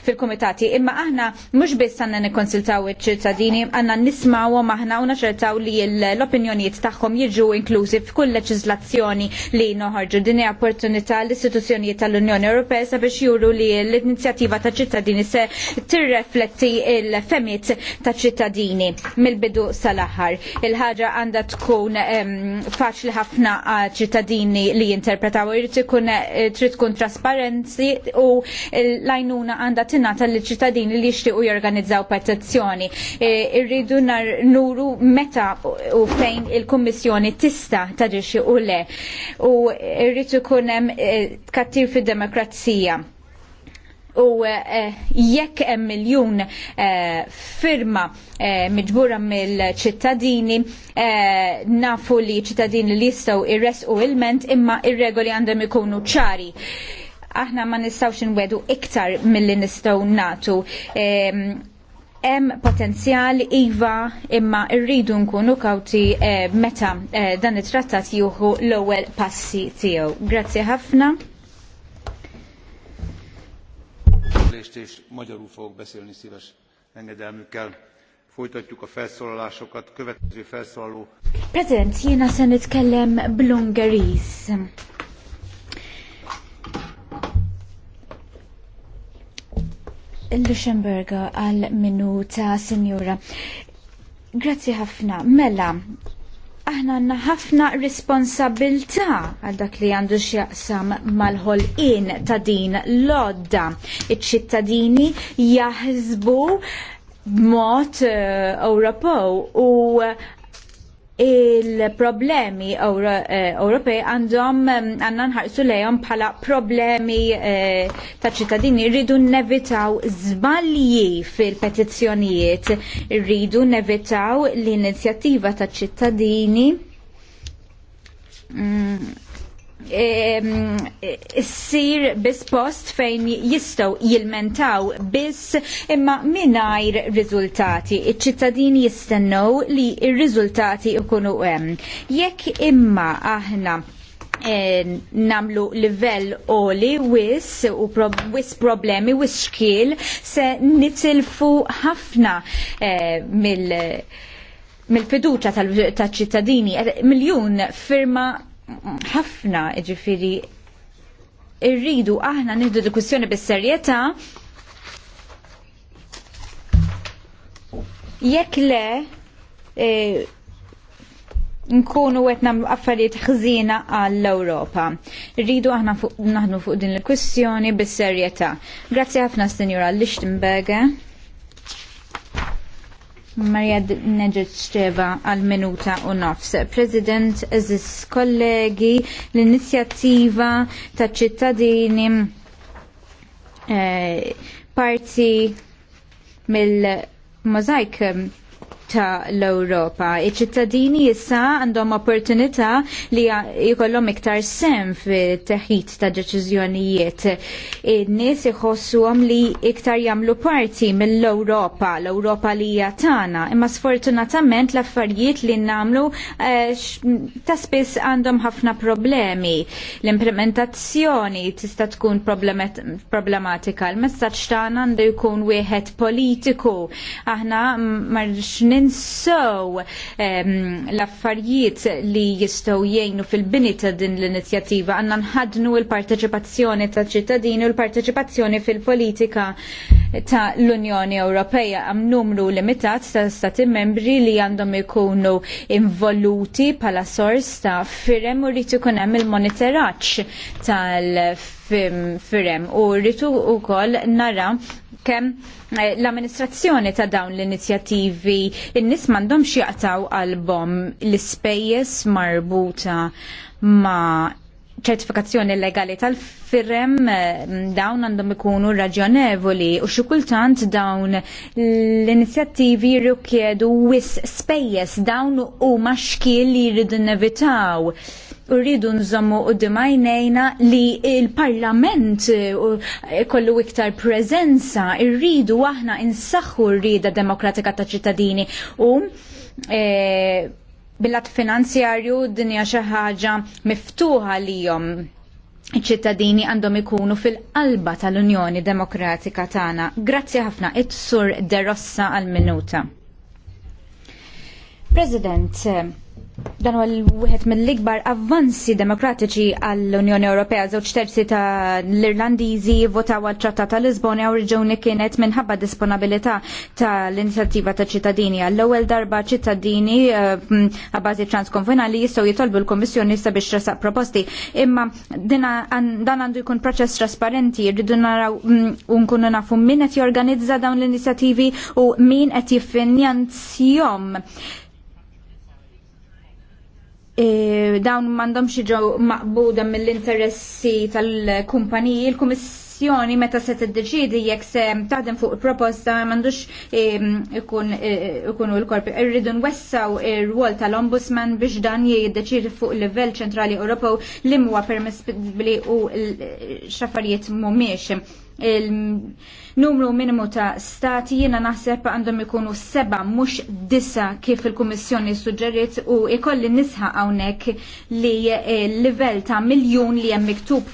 fil-kumitati. Imma aħna mhux biss għandna nikkonsultaw iċ-ċittadini, għandna nismawhom aħna u naċertaw li l-opinjonijiet tagħhom jiġu inklużi f'kull leġiżlazzjoni li noħorġu. Din hija opportunità l-istituzzjoni l tal-Unjoni Ewropea sabiex juru li l-inizjattiva ta' ċittadini se tirrefletti il-femiet ta' ċittadini mill-bidu sal-aħħar. Il-ħaġa għandha tkun faċli ħafna ċittadini li jinterpretaw irid ikun eh, trid tkun trasparenzi u l-għajnuna għandha tingħata li ċittadini li jixtiequ jorganizzaw petizzjoni. E, irridu nuru meta u fejn il-Kummissjoni tista' taġixxi u le. U irrid ikun hemm eh, demokrati fi fid-demokrazija u eh, jekk hemm miljun eh, firma eh, miġbura mill-ċittadini nafu li ċittadini li jistgħu irresqu ilment imma ir-regoli għandhom ikunu ċari. Aħna ma nistgħux inwedu iktar milli nistgħu natu. Hemm potenzjal iva imma rridu nkunu kawti meta dan it-trattat jieħu l-ewwel passi tiegħu. Grazzi ħafna. kérdést, és magyarul fogok beszélni szíves engedelmükkel. Folytatjuk a felszólalásokat. Következő felszólaló. Prezent, én a nitkellem kellem ungeris Luxemburga għal minuta, signora. Grazie ħafna. Mela, aħna għanna ħafna responsabilta għal dak li għandu xjaqsam mal-ħolqin ta' din l-odda. Iċ-ċittadini jahzbu mod eh, Ewropew u il-problemi eh, Ewropej għandhom għanna nħarsu lejhom bħala problemi eh, ta' ċittadini rridu nevitaw żbalji fil-petizzjonijiet, rridu nevitaw l-inizjattiva ta' ċittadini mm, s-sir bis post fejn jistgħu jilmentaw biss imma mingħajr riżultati. Iċ-ċittadini jistennew li r-riżultati ikunu hemm. Jekk imma aħna eh, namlu livell oli wis u wis problemi wis xkil se nitilfu ħafna eh, mill mill-fiduċa tal-ċittadini, eh, miljun firma ħafna ġifiri irridu aħna nieħdu dikussjoni bis-serjetà jekk le e, nkunu qed nagħmlu affarijiet ħżina għall-Ewropa. Rridu aħna naħdmu fuq din il-kwistjoni bis-serjetà. Grazzi ħafna Sinjura Lichtenberger. Maria Neġeċċeva għal minuta u nofs. President, eżis kollegi, l-inizjattiva ta' ċittadini eh, parti mill-mozaik ta' l-Europa. Iċ-ċittadini issa għandhom opportunità li jkollhom iktar sem fit-teħid ta' deċiżjonijiet. In-nies iħossuhom li iktar jagħmlu parti mill-Ewropa, l-Ewropa li hija tagħna, imma sfortunatament l-affarijiet li nagħmlu eh, ta' spiss għandhom ħafna problemi. L-implementazzjoni tista' tkun problematika. l messaġġ tagħna għandu jkun wieħed politiku. Aħna marx ninsow l-affarijiet li jistgħu jgħinu fil-bini ta' din l-inizjattiva għandna nħadnu l-parteċipazzjoni ta' ċittadini u l-parteċipazzjoni fil-politika ta' l-Unjoni Ewropea għam numru limitat ta' stati membri li għandhom ikunu involuti pala sors ta' firem u rritu kunem il-monitoraċ tal-firem u rritu u koll nara kem eh, l-amministrazzjoni ta' dawn l-inizjattivi in-nies m'għandhomx jaqtaw qalbhom l-ispejjeż marbuta ma' ċertifikazzjoni legali tal-firem eh, dawn għandhom ikunu raġjonevoli u xi kultant dawn l-inizjattivi rikjedu wis spejjeż dawn huma xkiel li jridu nevitaw rridu nżommu u dimajnejna li il-parlament uh, eh, kollu iktar prezenza, rridu aħna insaxhu rrida demokratika ta' ċittadini u e, bil-lat finanzjarju dinja xi ħaġa miftuħa lihom ċittadini għandhom ikunu fil-qalba tal-Unjoni Demokratika tagħna. Grazzi ħafna, it-sur Derossa għal-minuta. President, eh, dan huwa wieħed mill-ikbar avvanzi demokratiċi għall-Unjoni Ewropea. Żewġ terzi ta' l-Irlandiżi votaw għal-Trattat ta' Lisbon u reġuni kienet minħabba disponibilità ta' l-inizjattiva ta' ċittadini. Għall-ewwel darba ċittadini eh, bażi transkonfinali jistgħu jitolbu l-Kommissjoni sabiex trasaq proposti. Imma dan għandu jkun proċess trasparenti, rridu naraw mm, nkunu nafu min qed jorganizza dawn l-inizjattivi u min qed jiffinjanzjom E, dawn m'għandhomx jiġu maqbuda mill-interessi tal-kumpaniji, il-Kummissjoni meta se t-deċidi jekk se taħdem fuq proposta m'għandux e, e, ikunu l-korpi. Irridun nwessaw il rwol tal-Ombudsman biex dan jiddeċidi fuq livell ċentrali Ewropew li huwa permissibbli u x'affarijiet mumiex il-numru minimu ta' stati jiena naħseb għandhom ikunu seba mhux disa kif il-Kummissjoni suġġeriet u ikolli nisħa hawnhekk li l-livell ta' miljun li hemm miktub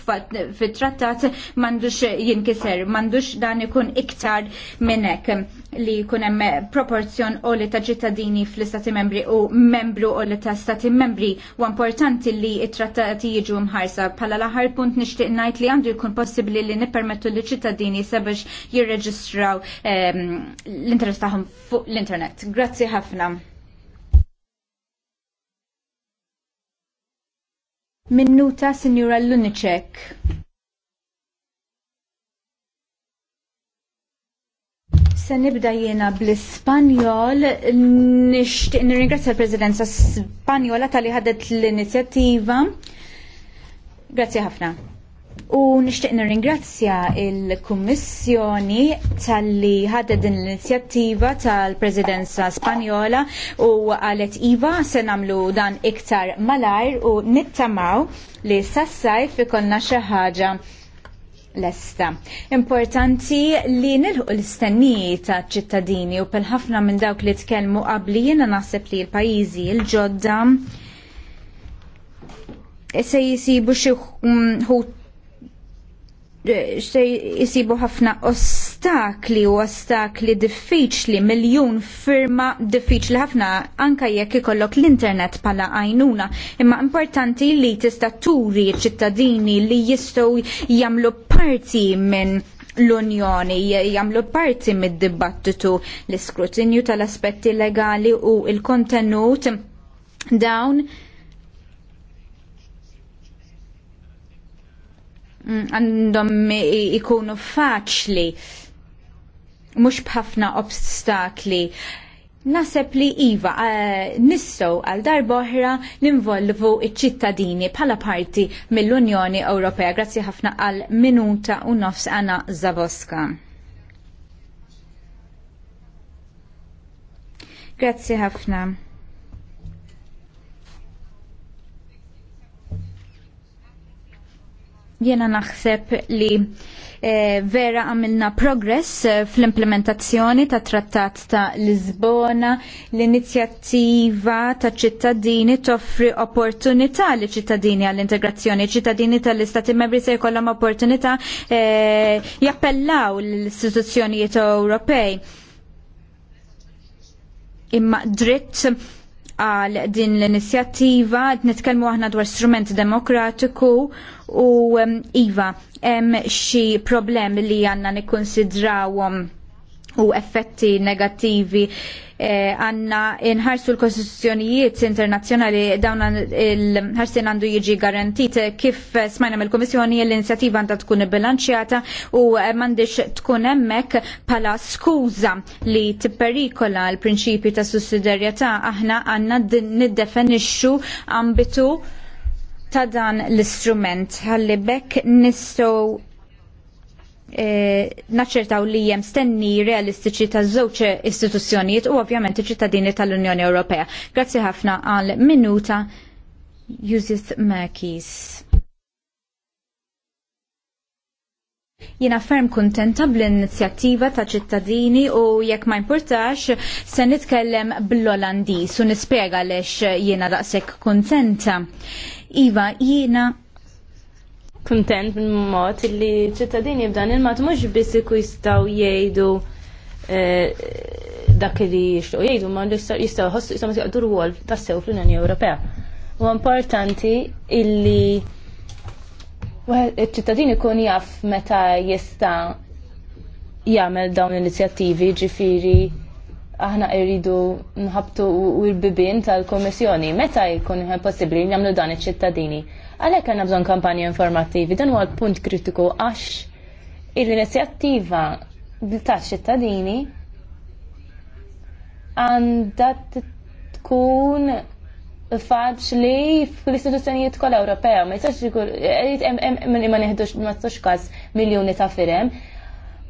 fit-trattat m'għandux jinkiser, m'għandux dan ikun iktar minn hekk li kunem proporzjon u li ta' ċittadini fl-istati membri u membru u li ta' stati membri u importanti li it-trattati jiġu mħarsa. Pala laħar punt nishtiq najt li għandu jkun possibli li nipermettu li ċittadini sabax jirreġistraw ehm, l-interess tagħhom fuq l-internet. Grazzi ħafna. Minnuta, Signora Lunicek. Se nibda jiena bl-Ispanjol, nixtieq nirringrazzja l-Presidenza Spanjola tal-li ħadet l-inizjattiva. Grazzi ħafna. U nixtieq nirringrazzja il-Kummissjoni tal-li ħadet din l-inizjattiva tal-Presidenza Spanjola u għalet Iva se nagħmlu dan iktar malajr u nittamaw li sassajf ikollna xi ħaġa l-esta. Importanti li nilħu l-istennijiet ta' ċittadini u pil ħafna minn dawk li tkellmu qabli jiena naħseb li l-pajjiżi l-ġodda se jisibu xi jisibu ħafna ostakli u ostakli diffiċli, miljon firma diffiċli ħafna anka jekk ikollok l-internet pala għajnuna. Imma importanti li tista' turi ċittadini li jistgħu jagħmlu parti minn l-Unjoni jagħmlu parti mid-dibattitu l-iskrutinju tal-aspetti legali u l-kontenut dawn għandhom ikunu faċli mhux bħafna obstakli. Naseb li Iva eh, nistgħu għal darboħra ninvolvu iċ-ċittadini bħala parti mill-Unjoni Ewropea. Grazzi ħafna għal minuta u nofs għana Zavoska. Grazzi ħafna. Jena naħseb li E, vera għamilna progress eh, fl-implementazzjoni ta' trattat ta' Lisbona, l-inizjattiva ta' ċittadini toffri opportunità li ċittadini għall-integrazzjoni. ċittadini tal-Istati membri se jkollhom opportunità e, jappellaw l-istituzzjonijiet Ewropej. Imma dritt għal din l-inizjattiva, nitkellmu aħna dwar strument demokratiku u Iva, hemm xi problemi li għandna nikkonsidrawhom u effetti negattivi eh, għanna inħarsu l-kostituzzjonijiet internazzjonali dawn il-ħarsin għandu jiġi garantit kif smajna mill komissjoni l-inizjativa għandha tkun bilanċjata u mandiċ tkun emmek pala skuza li tipperikola l-prinċipi ta' sussidjarjetà aħna għanna niddefinixxu ambitu ta' dan l-istrument. Għalli bekk nistgħu Eh, naċċertaw li jem stenni realistiċi ta' żewġ istituzzjonijiet u ovvjament iċ-ċittadini tal-Unjoni Ewropea. Grazzi ħafna għal minuta Judith Merkis. Jina ferm kontenta bl-inizjattiva ta' ċittadini u jekk ma' importax se nitkellem bl-Olandi su nispiega lex jina daqsek kontenta. Iva, jina kuntent mod li ċittadini b'dan il-mod mhux biss iku jistgħu jgħidu eh, dak li jixtiequ jgħidu ma jistgħu jħossu jistaw jaqdu rwol tassew fl-Unjoni Ewropea. U importanti illi iċ-ċittadin ikun jaf meta jista' jagħmel dawn l-inizjattivi ġifiri aħna irridu nħabtu u l-bibin tal-Komissjoni. Meta jkun possibbli nagħmlu dan iċ-ċittadini? Għalhekk għanna bżonn kampanji informattivi dan huwa punt kritiku għax l-inizjattiva tax-ċittadini għandha tkun faċli fl-istituzzjonijiet kol Ewropea, ma jistax ikun eh, ma neħdux ma tux każ miljuni ta' firem.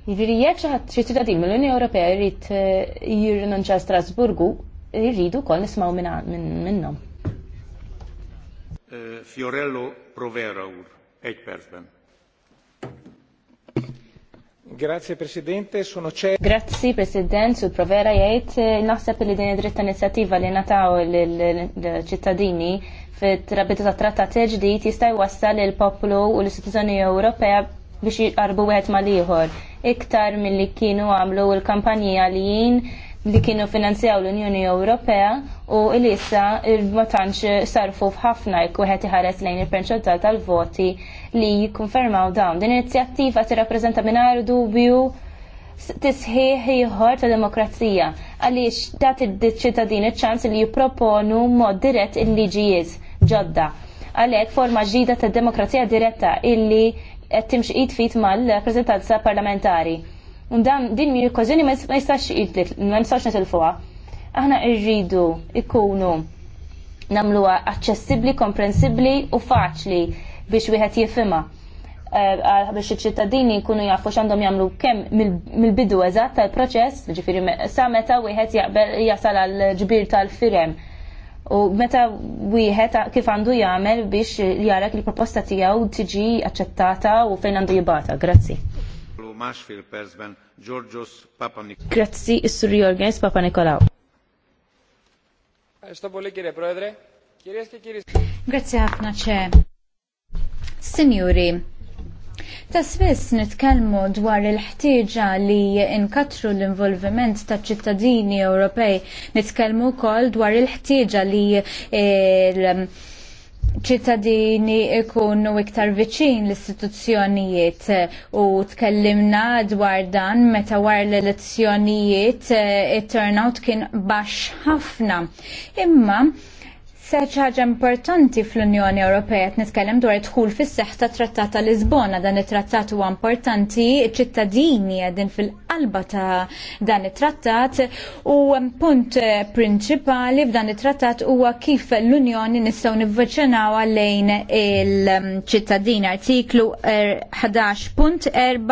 Jiviri jekk xi ħadd xi ċittadin mill-Unjoni Ewropea jrid eh, jirrinunċa Strasburgu, jridu wkoll nismgħu minnhom. Eh, Fiorello Provera egy percben. Grazie Presidente, sono ċer. Grazie President, sul provera jgħid eh, naħseb li din id-dritta inizjattiva li nataw l-ċittadini fit-rabbitu ta' trattat ġdid jista' jwassal il-poplu u l-istituzzjoni Ewropea biex jqarbu wieħed mal ieħor iktar milli kienu għamlu l-kampanji għalijin li kienu finanzjaw l-Unjoni Ewropea u il issa ma tantx sarfu f'ħafna jekk wieħed iħares lejn il-perċental tal-voti li jikkonfermaw dawn. Din inizjattiva tirrappreżenta mingħajr dubju tisħiħ ieħor ta' demokrazija għaliex dat id-ċittadini ċans li jipproponu mod dirett il-liġijiet ġodda. Għalhekk forma ġida ta' demokrazija diretta illi qed timxqid fit mal-rappreżentanza parlamentari dan din mi kważini ma jistax jitlit, ma nistax nitilfuha. Aħna rridu ikunu namluwa aċċessibbli, komprensibbli u faċli biex wieħed jifhimha eh, biex iċ-ċittadini jkunu jafu x'għandhom jagħmlu kemm mill-bidu eżatt tal-proċess, ġifieri sa meta wieħed jaqbel jasal għal ġbir tal-firem. U meta wieħed kif għandu jagħmel biex jarek li proposta tiegħu tiġi aċċettata u fejn għandu jibata. Grazzi. Grazzi, Grazzi ħafna ċe. Signori, ta' spess nitkellmu dwar il-ħtieġa li inkatru l-involviment ta' ċittadini Ewropej, nitkellmu wkoll dwar il-ħtieġa li il ċittadini ikunu iktar viċin l-istituzzjonijiet eh, u tkellimna dwar dan meta war l-elezzjonijiet eh, it-turnout kien baxx ħafna. Imma seħ ħaġa importanti fl-Unjoni Ewropea qed nitkellem dwar id-dħul fis-seħħ ta' Trattat ta' Lisbona. Dan it-trattat huwa importanti, iċ-ċittadini qegħdin fil-qalba ta' dan it-trattat u punt eh, prinċipali f'dan it-trattat huwa kif l-Unjoni nistgħu nivvoċinaw lejn il-ċittadini. Artiklu 11.4 er-,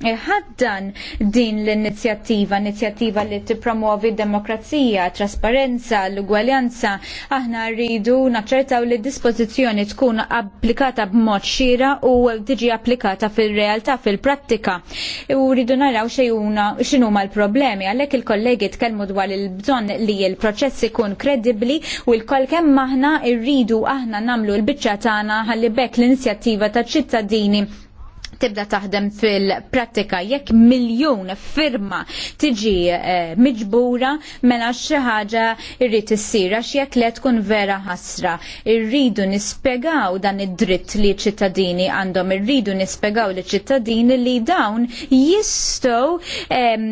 ħaddan din l-inizjattiva, inizjattiva li tippromuovi d-demokrazija, trasparenza, l-ugwaljanza. Aħna rridu naċċertaw li d-dispożizzjoni tkun applikata b'mod xira u tiġi applikata fil-realtà, fil-prattika. U rridu naraw x'inhuma l-problemi, għalhekk il-kollegi tkellmu dwar il-bżonn li l-proċess ikun kredibbli u l-koll kemm aħna rridu aħna nagħmlu l-biċċa tagħna ħalli bekk l-inizjattiva taċ ċittadini tibda taħdem fil-prattika jekk miljun firma tiġi eh, miġbura mela xi ħaġa irrid issir għax jekk le tkun vera ħasra. Irridu nispjegaw dan id-dritt li ċittadini għandhom, irridu nispjegaw li ċittadini li dawn jistgħu eh,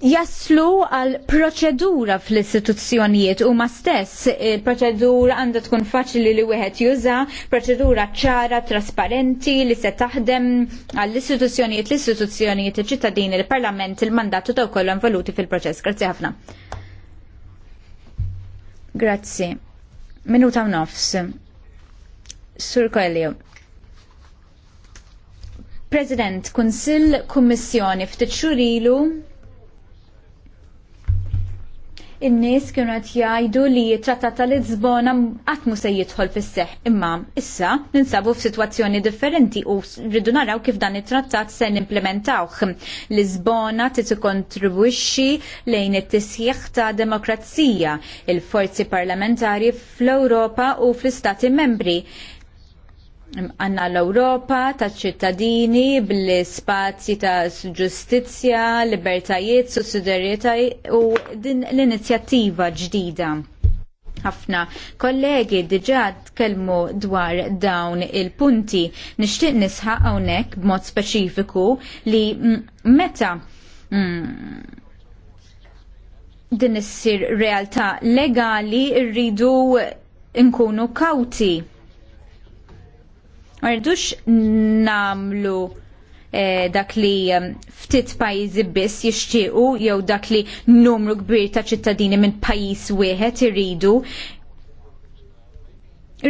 jaslu għal proċedura fl-istituzzjonijiet u ma stess e, proċedura għandha tkun faċli li wieħed juża, proċedura ċara, trasparenti li se taħdem għall istituzzjonijiet l-istituzzjonijiet iċ-ċittadini, il-Parlament, il-mandatu daw kollu involuti fil-proċess. Grazzi ħafna. Grazzi. Minuta nofs. Sur Coelho. President, Kunsill Kummissjoni ftit xurilu in-nies kienu qed jgħidu li trattat ta' Lizbona qatt mhu se jidħol fis-seħħ. Imma issa ninsabu f'sitwazzjoni differenti u rridu naraw kif dan it-trattat se nimplementawh. Lizbona trid tikkontribwixxi lejn it-tisjieħ ta' demokrazija, il-forzi parlamentari fl-Ewropa u fl-Istati membri għanna l-Europa ta' ċittadini billi spazji ta' ġustizja, libertajiet, sussidarieta u din l-inizjattiva ġdida. Ħafna kollegi diġad tkellmu dwar dawn il-punti. Nixtieq nisħaq hawnhekk b'mod speċifiku li meta din issir realtà legali rridu nkunu kawti Ma rridux namlu eh, dak li ftit pajjiżi biss jixtiequ jew dak li numru kbir ta' ċittadini minn pajjiż wieħed iridu.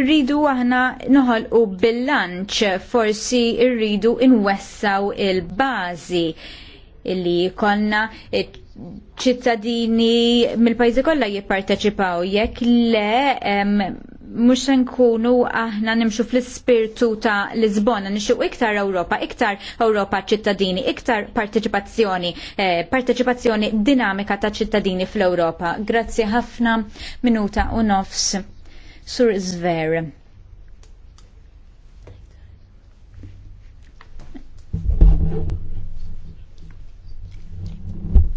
Rridu aħna noħolqu bilanċ, forsi rridu inwessaw il-bażi illi konna ċittadini mill-pajzi kollha jipparteċipaw jekk le mux nkunu aħna nimxu fl-spirtu ta' Lisbona, nixu iktar Ewropa, iktar Ewropa ċittadini, iktar partecipazzjoni, eh, dinamika ta' ċittadini fl-Ewropa. Grazzi ħafna minuta u nofs. Sur Zver.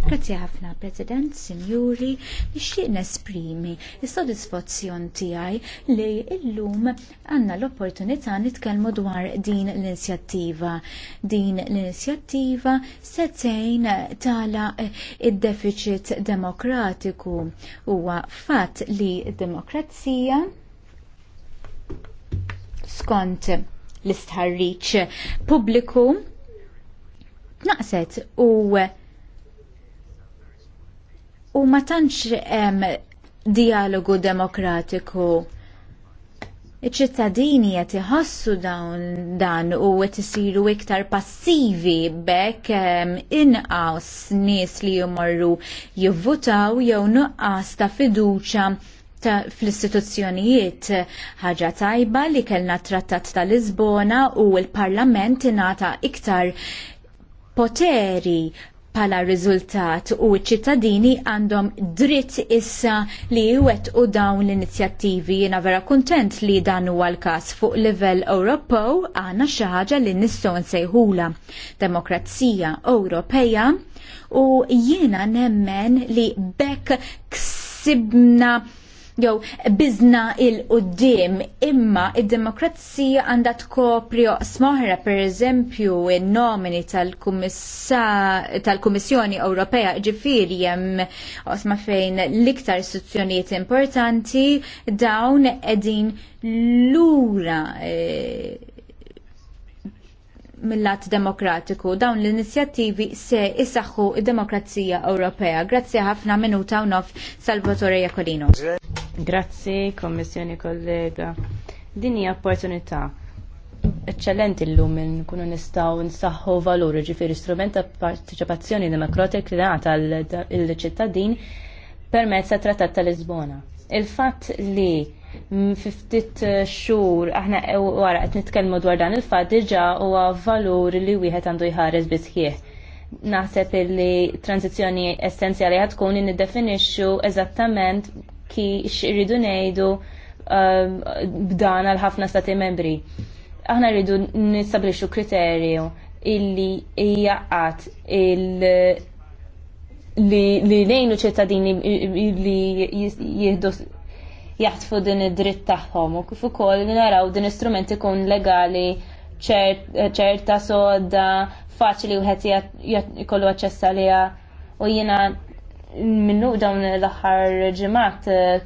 Grazie ħafna, President, Sinjuri, nixtieq nesprimi s sodisfazzjon tiegħi li llum għandna l-opportunità nitkellmu dwar din l-inizjattiva. Din l-inizjattiva se tgħin tala eh, id-deficit demokratiku huwa fatt li d-demokrazija skont l-istħarriċ pubbliku naqset u u ma tantx hemm dialogu demokratiku. Iċ-ċittadini qed iħossu dawn dan u qed isiru iktar passivi bekk inqas nies li jmorru jivvutaw jew nuqqas ta' fiduċja fl-istituzzjonijiet ħaġa tajba li kellna trattat ta' Lisbona u l-Parlament ingħata iktar poteri pala riżultat u ċittadini għandhom dritt issa li jwet u dawn l-inizjattivi. Jena vera kontent li dan huwa l-kas fuq livell Ewropew għandna xi ħaġa li nistgħu nsejħula. Demokrazija Ewropeja u jiena nemmen li bekk ksibna jew bizna il qudiem imma id-demokrazija għandha tkopri smoħra pereżempju in-nomini tal-Kummissjoni tal Ewropea ġifiri hemm osma fejn l-iktar istituzzjonijiet importanti dawn qegħdin lura e mill-lat demokratiku. Dawn l-inizjattivi se isaxħu id-demokrazija Ewropea. Grazzi ħafna minuta u nof Salvatore Jacolino. Grazzi, kommissjoni kollega. Dini opportunità eccellenti l-lum nkunu nistaw nsaħħu valuri ġifir strument ta' partiċipazzjoni demokratik li għata l-ċittadin permezz ta' trattat tal Lisbona. Il-fatt li Mm, ftit eh, xhur aħna eh, wara qed nitkellmu dwar dan il-fatt diġà huwa valur li wieħed għandu jħares bisħieħ. Naħseb li tranzizzjoni essenzjali ħad tkun li niddefinixxu eżattament ki xirridu ngħidu ehm, b'dan għal ħafna stati membri. Aħna rridu nistabliċu kriterju illi jgħat il- li lejnu ċittadini li jihdu jaħtfu din id-dritt tagħhom u kif ukoll li naraw din istrument ikun legali ċerta sodda faċli wieħed jkollu aċċess għaliha u jiena minnu dawn l-aħħar ġimgħat eh,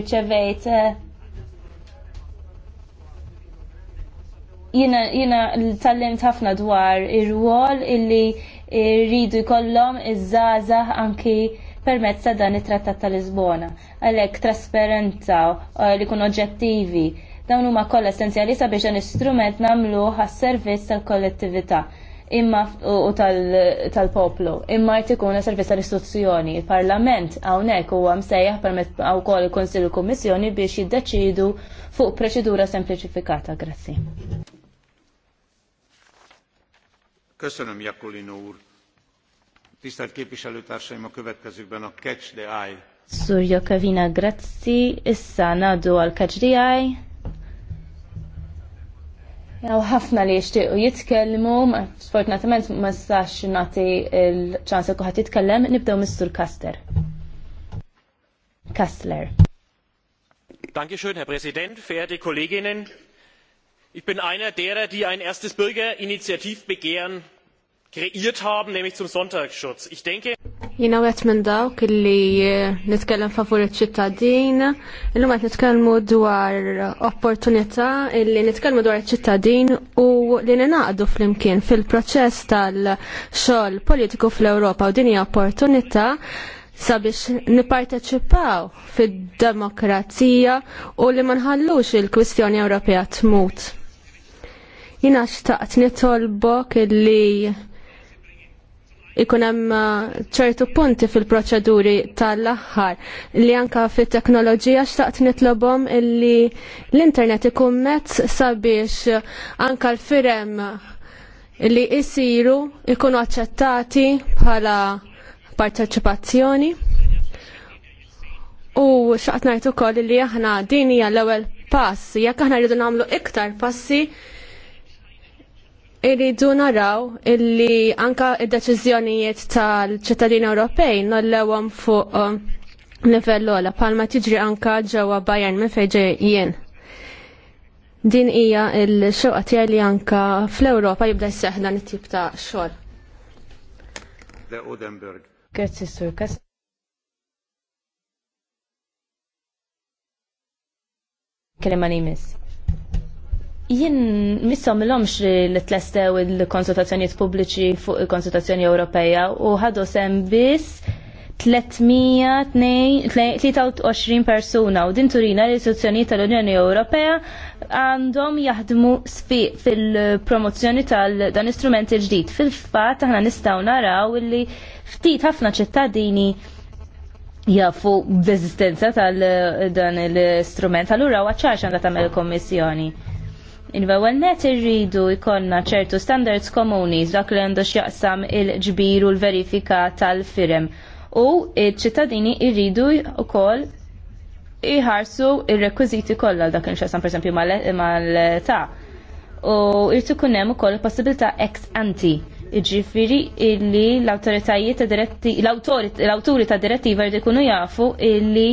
irċevejt eh, jiena tal-limt ħafna dwar ir-rwol illi rridu jkollhom iż-żgħażagħ anki permezz ta' dan it-Trattat ta' Lisbona. Għalhekk trasparenza eh, li kun oġġettivi dawn huma kollha essenzjali sabiex dan istrument nagħmlu għas-servizz tal-kollettività imma u tal-poplu, imma jt ikun servizz tal-istituzzjoni. Il-Parlament hawnhekk huwa msejjaħ permezz wkoll il-Kunsill u Kummissjoni biex jiddeċidu fuq proċedura sempliċifikata. Grazzi. Köszönöm, Jakolino úr. Tisztelt képviselőtársaim, a következőkben a Catch the Eye. Surjo Kavina, grazzi. Issa nadu al Catch the Eye. Jaw ħafna li jishtiqu jitkellmu, sfortunatament ma stax nati il-ċansa kuħat jitkellem, nibdew Mr. Kaster. Kastler. Dankeschön, Herr Präsident, verehrte Kolleginnen. Ich bin einer derer, die ein erstes Bürgerinitiativbegehren kreiert haben, nämlich zum Sonntagsschutz. Ich denke, Jina għet minn dawk li eh, nitkellem favur il-ċittadin, illum għet nitkellmu dwar opportunità illi nitkellmu dwar il-ċittadin u li ninaqdu fl-imkien fil-proċess tal-xol politiku fl-Europa u dini opportunità sabiex niparteċipaw fil-demokrazija u li manħallux il-kwistjoni Ewropea tmut. Jina xtaqt nitolbok illi ikun hemm uh, ċertu punti fil-proċeduri tal-aħħar li anka fit-teknoloġija xtaqt nitlobhom illi l-internet ikun mezz sabiex uh, anka l-firem li jisiru ikunu aċċettati bħala parteċipazzjoni. U xaqt ngħid ukoll li aħna din hija l-ewwel pass, jekk aħna rridu nagħmlu iktar passi Irridu naraw illi anka id-deċiżjonijiet tal-ċittadini Ewropej nollewhom fuq uh, livell ola palma tiġri anka ġewwa Bayern minn fejn jien. Din hija l xoqa tiegħi li anka fl-Ewropa jibda jseħħ dan it-tip ta' xogħol. Grazzi Sur Kas. Kelima nimis. Jien missom l-omx li tlestew il-konsultazzjoniet pubbliċi fuq il-konsultazzjoni Ewropeja u ħadu sem bis 323 persuna u din turina l-istituzzjoni tal-Unjoni Ewropea għandhom jaħdmu sfiq fil-promozzjoni tal-dan istrument il-ġdid. Fil-fat aħna nistaw naraw li ftit ħafna ċittadini jafu b'eżistenza tal-dan l-istrument. Allura għacċaċ għandha tagħmel il-Kommissjoni Inwewel iva, net irridu jkollna ċertu standards komuni dak li għandu x'jaqsam il-ġbir u l-verifika tal-firem. U ċ-ċittadini irridu wkoll iħarsu il rekwiżiti kollha dak li x'jaqsam esempio mal-ta' u irtu kunem u koll possibilta ex anti iġifiri illi l-autoritajiet diretti, l-autori ta' direttiva jkunu jafu illi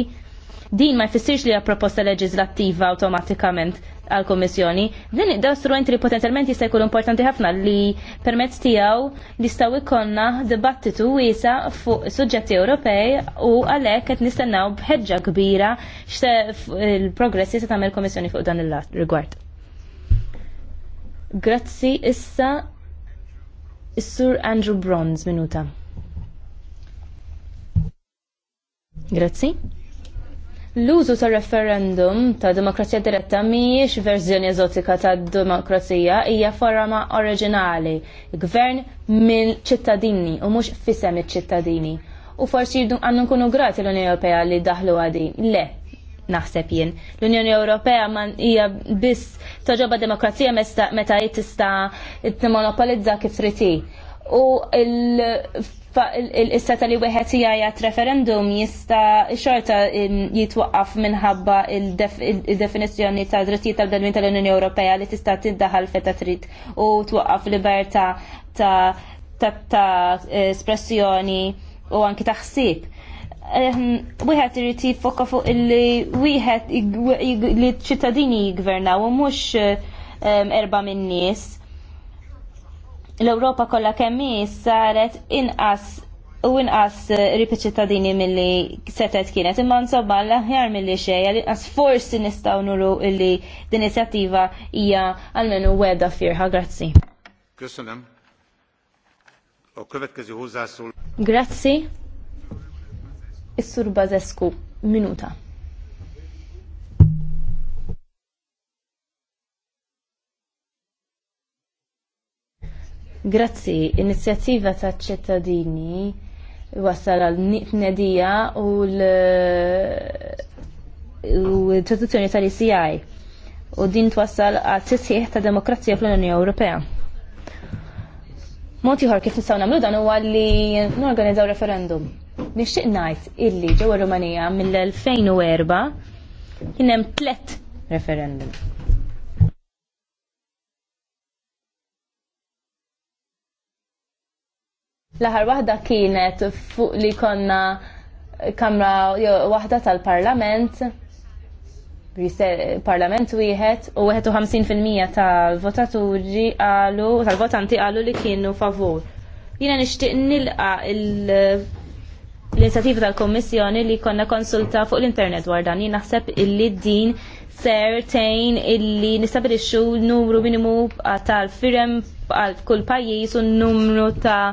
Din ma jfissirx li proposta leġislattiva automatikament għal komissjoni Din da strument li potenzjalment jista' jkun importanti ħafna li permezz tiegħu nistgħu jkollna dibattitu wiesa fuq suġġetti Ewropej u għalhekk qed nistennaw bħeġġa kbira il-progress jista' tagħmel kommissjoni fuq dan il-rigward. Grazzi issa is-Sur Andrew Bronze minuta. Grazzi. L-użu ta' referendum ta' demokrazija diretta mhijiex verżjoni eżotika ta' demokrazija hija forma oriġinali, gvern mill ċittadini u mhux fisem iċ-ċittadini. U forsi għandu nkunu grati l-Unjoni Ewropea li daħlu għadi. Le, naħseb jien. L-Unjoni Ewropea man hija biss toġoba demokrazija meta tista' tmonopolizza kif triti u il-istata li wieħed jgħajat referendum jista' xorta jitwaqqaf minħabba il-definizzjoni ta' drittijiet tal-bdelmin tal-Unjoni Ewropea li tista' tiddaħal feta trid u twaqqaf liberta ta' espressjoni u anki taħsib wieħed irid jifokka fuq illi wieħed li ċittadini jiggvernaw u mhux erba' min-nies l-Ewropa kollha kemm saret inqas u inqas ripi ċittadini milli setet kienet imma nsobba l-aħjar milli xejn għal inqas forsi nistgħu nuru illi din inizjattiva għal menu weda firħa grazzi. Köszönöm. Grazzi. Is-Sur Bazescu, minuta. Grazzi, inizjattiva ta' ċittadini wasal għal tnedija u l-istituzzjoni tal-ICI u din twassal għal tisħiħ ta' demokrazija fl-Unjoni Ewropea. Mod ieħor kif nistgħu nagħmlu dan huwa li norganizzaw referendum. Nixtieq ngħid illi ġewwa Rumanija mill-2004 kien hemm tlet referendum L-aħar waħda kienet fuq li konna kamra waħda tal-parlament parlament wieħed u 51% tal-votaturi għalu, tal-votanti għalu li kienu favur. Jina nishtiq nilqa l-inizjativa tal-Kommissjoni li konna konsulta fuq l-internet dwar dan. Jina naħseb illi din ser tejn illi nistabilixxu numru minimu tal-firem għal kull pajjiż u numru ta'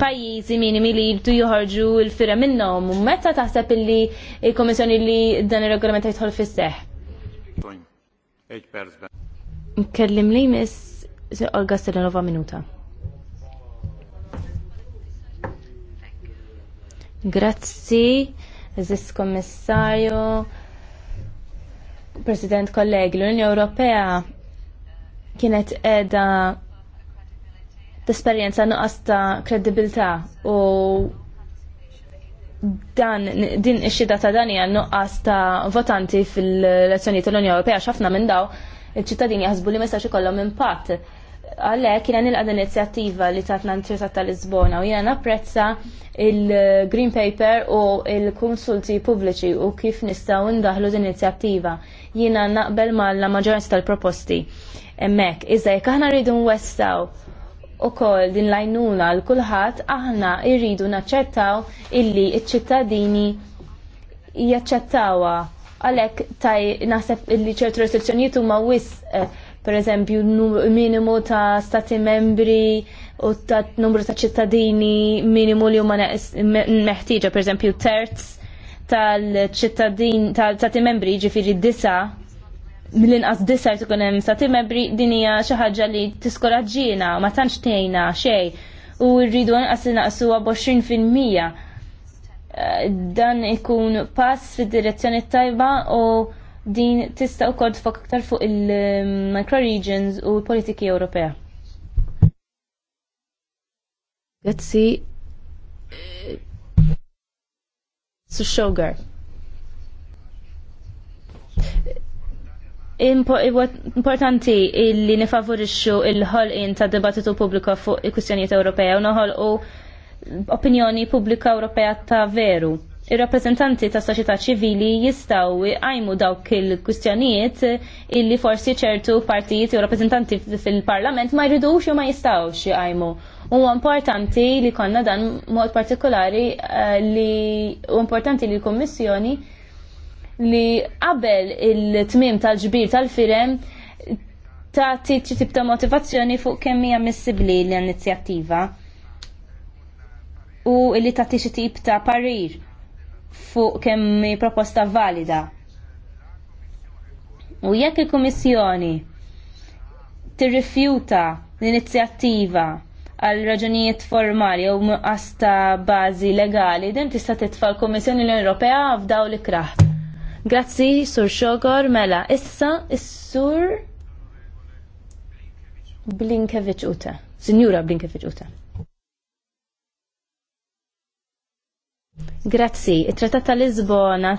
pajjiżi minimi li jibdu joħorġu l-fira minnhom. U meta taħseb illi il-Komissjoni li dan ir-regolament jidħol fis-seħ? Nkellim li miss Olga Selenova minuta. Grazzi, Ziz Kommissarju, President kollegi, l-Unjoni Ewropea kienet edha esperjenza nuqqas ta' kredibilità u dan din ix-xida ta' dan hija nuqqas ta' votanti fil elezzjoni tal-Unjoni Ewropea x'ħafna minn daw iċ-ċittadini jaħsbu li ma ikollhom impatt. Għalhekk jiena nilqa' din inizjattiva li tatna n-Trisat tal-Lisbona u jiena napprezza il-Green Paper u il-konsulti pubbliċi u kif nistgħu ndaħlu din inizjattiva. Jiena naqbel mal-maġġoranza tal-proposti. Emmek, iżda jekk aħna rridu nwessaw u kol din lajnuna l kulħadd aħna irridu naċċettaw illi iċ-ċittadini jaċċettawa għalek taj naħseb illi ċertu restrizzjonijiet huma wis eh, per eżempju minimu ta' stati membri u ta' numru ta' ċittadini minimu li huma meħtieġa per eżempju terz tal-ċittadin tal-stati membri ġifiri disa' mill-inqas disar tkun hemm sa timebri din hija xi ħaġa li tiskoraġġina ma tantx tgħinna xejn u rridu inqas inaqsuha b'20 fil-mija. Eh, dan ikun pass fid-direzzjoni tajba u din tista' wkoll tfok aktar fuq il-microregions u l-politiki Ewropea. see. Eh, Su Sugar importanti illi nifavorixxu il-ħolqien ta' dibattitu pubblika fuq il-kwistjonijiet Ewropea u noħolqu opinjoni pubblika Ewropea ta' veru. Ir-rappreżentanti ta' soċjetà ċivili jistgħu jqajmu dawk il-kwistjonijiet illi forsi ċertu partijiet u rappreżentanti fil-Parlament ma jridux jew ma jistgħux jqajmu. Huwa importanti li konna dan mod partikolari eh, li u importanti li l-Kummissjoni li qabel il-tmim tal-ġbir tal-firem ta' tiċi tip ta' motivazzjoni fuq kemm hija missibli l-inizjattiva u li ta' tiċi tip ta' parir fuq kemm proposta valida. U jekk il-Kummissjoni tirrifjuta l-inizjattiva għal raġunijiet formali u mqasta bazi bażi legali, din tista' titfa' l-Kummissjoni l-Ewropea f'daw l-ikraħ. Grazzi, Sur Xogor, mela, issa, is-Sur Blinkevich Uta. Signora Blinkevich Uta. Grazzi, it-Trattat tal Lisbona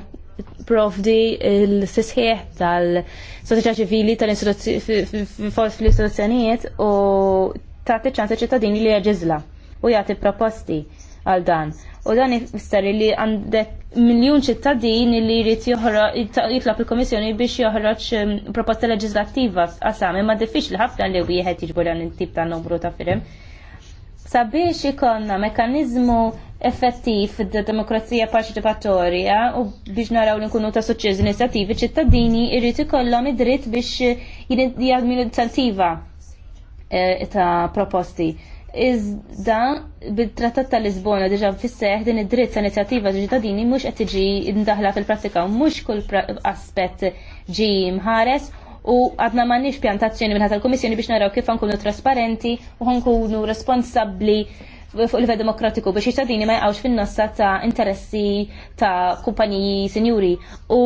provdi il-sisħieħ tal-soċjetà ċivili tal-istituzzjonijiet u tagħti ċanta ċittadini li jaġizla u jagħti proposti għal dan. U dan ifisser li għandek miljun ċittadin li jrid jitlob il-Komissjoni biex joħroġ um, proposta leġislattiva għasam, imma diffiċli ħafna li wieħed jiġbor dan il-tip ta' numru ta' firim. Sabiex ikonna mekanizmu effettiv d-demokrazija parċipatorja u biex naraw li nkunu ta' suċċess inizjattivi ċittadini jrid ikollhom id-dritt biex jgħadmi l-inizjattiva eh, ta' proposti Iżda bit-Trattat tal Lisbona diġa' fisseħ din id-dritt ta' inizjattiva ġitadini mhux qed tiġi ndaħla fil-prattika u mhux kull aspett ġi mħares u għadna m'għandniex pjantazzjoni minn tal-Kummissjoni biex naraw kif nkunu trasparenti u nkunu responsabbli fuq livell demokratiku biex ċittadini ma jgħawx fin-nossa ta' interessi ta' kumpaniji senjuri. U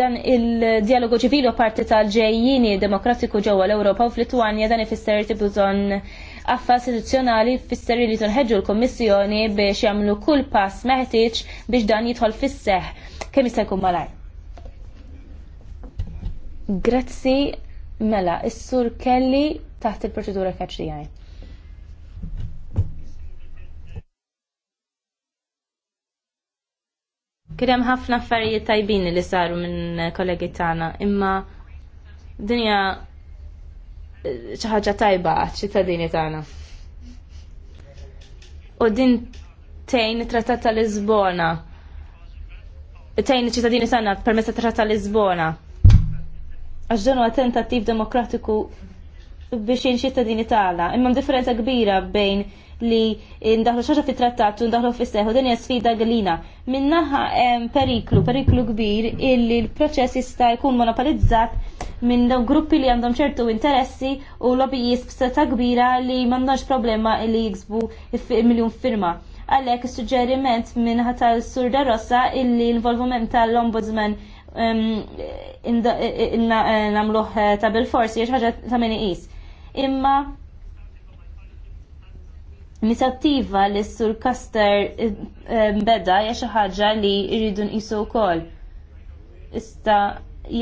dan il-dialogu ċivilu parti tal-ġejjini demokratiku ġewwa l-Ewropa u fl-Litwanja dan ifisser tibżon affa istituzzjonali fisser li tunħeġġu l-Kommissjoni biex jagħmlu kull pass meħtieġ biex dan jidħol fis-seħ kemm jista' jkun malaj? Grazzi mela, is-sur Kelly taħt il-proċedura kaċċijaj. Kien ħafna affarijiet tajbin li saru minn kollegi tagħna, imma dinja ċaħġa tajba ċittadini tagħna. U din tejn trattat ta' Lisbona. Tejn ċittadini tagħna permezz trattat ta' Lisbona. Għax dan huwa tentattiv demokratiku biex jien ċittadini tagħna. Imma differenza kbira bejn li ndaħlu xaġa fit trattat u ndaħlu fis seħu din hija sfida għalina. Minnaħa periklu, periklu kbir illi l-proċess jista' jkun monopolizzat minn dawn gruppi li għandhom ċertu interessi u lobbyist b'seta' kbira li m'għandhomx problema li jiksbu miljon firma għalek suġġeriment minn l Surda Rossa illi l involvument tal-Ombudsman namluħ eh, ta' bil-forsi jiex ħagġa ta' is. Imma Inizjattiva li s-sur Kaster eh, eh, beda hija xi ħaġa li jridu nqisu wkoll. Issa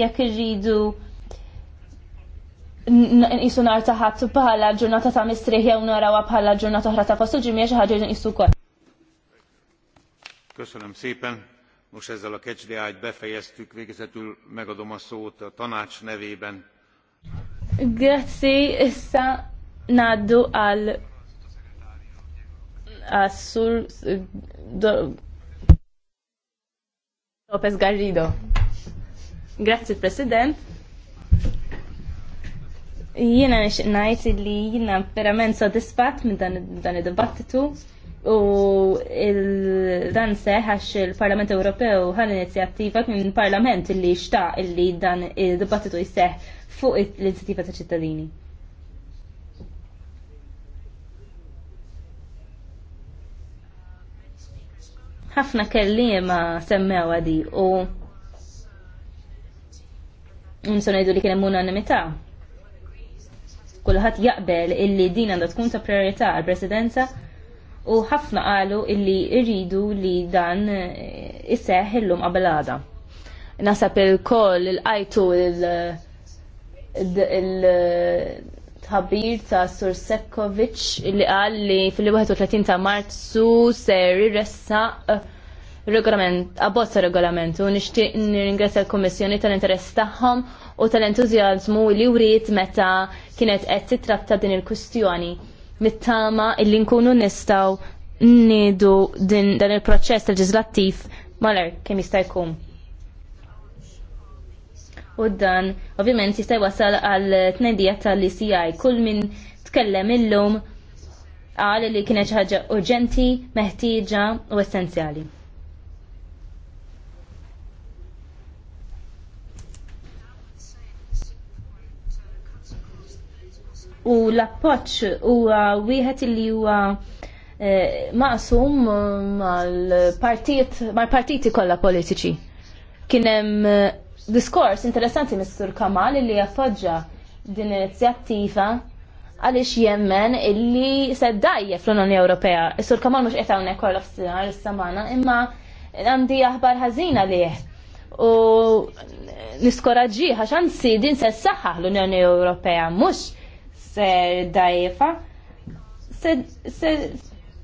jekk irridu nqisu nar ħadd bħala ġurnata ta' mistrih jew narawha bħala ġurnata oħra ta' fostu ġimgħa xi ħaġa jridu nqisu wkoll. Köszönöm szépen. Most ezzel a kecsdiájt befejeztük, végezetül megadom a szót a tanács nevében. Grazie, issa naddu għal Assur López Lopez Garrido. Grazzi President. Jiena nixtieq ngħid li jiena verament sodisfatt minn dan id-dibattitu u dan seħax il-Parlament Ewropew ħal inizjattiva minn parlament li xta' li dan id-dibattitu jseħ fuq l-inizjattiva ta' ċittadini. ħafna kellima semmew di u nsu ngħidu li kien hemm unanimità. Kulħadd jaqbel illi din għandha tkun ta' priorità għall-Presidenza u ħafna qalu illi rridu li dan eh, isseħ illum qabel għada. Nasab il-koll il-qajtu -il tħabbir ta' Sur Sekovic li qal li fil-31 ta' Marzu ser irressa eh, regolament, abbozza regolamentu, nixtieq nirringrazzja l-Kummissjoni tal-interess tagħhom u tal-entużjażmu li wrid meta kienet qed titratta din il-kwistjoni. Nittama illi nkunu nistgħu nidu din dan il-proċess leġislattiv malar kemm jista' jkun u dan ovvjament jista' jwassal għal tnedija tal-ICI. Kull min tkellem illum għal li kienet xi ħaġa urġenti, meħtieġa u essenzjali. U l-appoċ huwa wieħed li huwa eh, maqsum mal-partiti kollha politiċi. Kien hemm diskors interessanti Mr. Kamal li jaffoġġa din l-inizjattiva għaliex jemmen illi seddajje fl-Unjoni Ewropea. Is-Sur Kamal mhux qed hawnhekk kollox is-samana, imma għandi aħbar ħażina lih. U niskoraġġi għax anzi din se saħħaħ l-Unjoni Ewropea mhux se dajfa se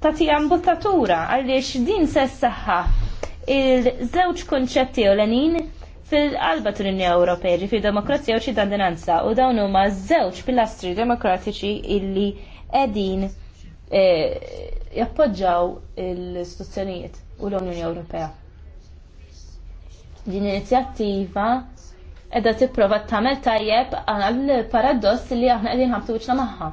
tagħti ambuttatura għaliex din se saħħaħ il-żewġ konċetti ewlenin fil-qalba tal-Unja Ewropea ġifi demokrazija u ċittadinanza u dawn huma żewġ pilastri demokratiċi illi qegħdin eh, jappoġġaw l-istituzzjonijiet u l-Unjoni Ewropea. Din inizjattiva edha tipprova tagħmel tajjeb għal paradoss li aħna qegħdin ħabtu wiċċna magħha.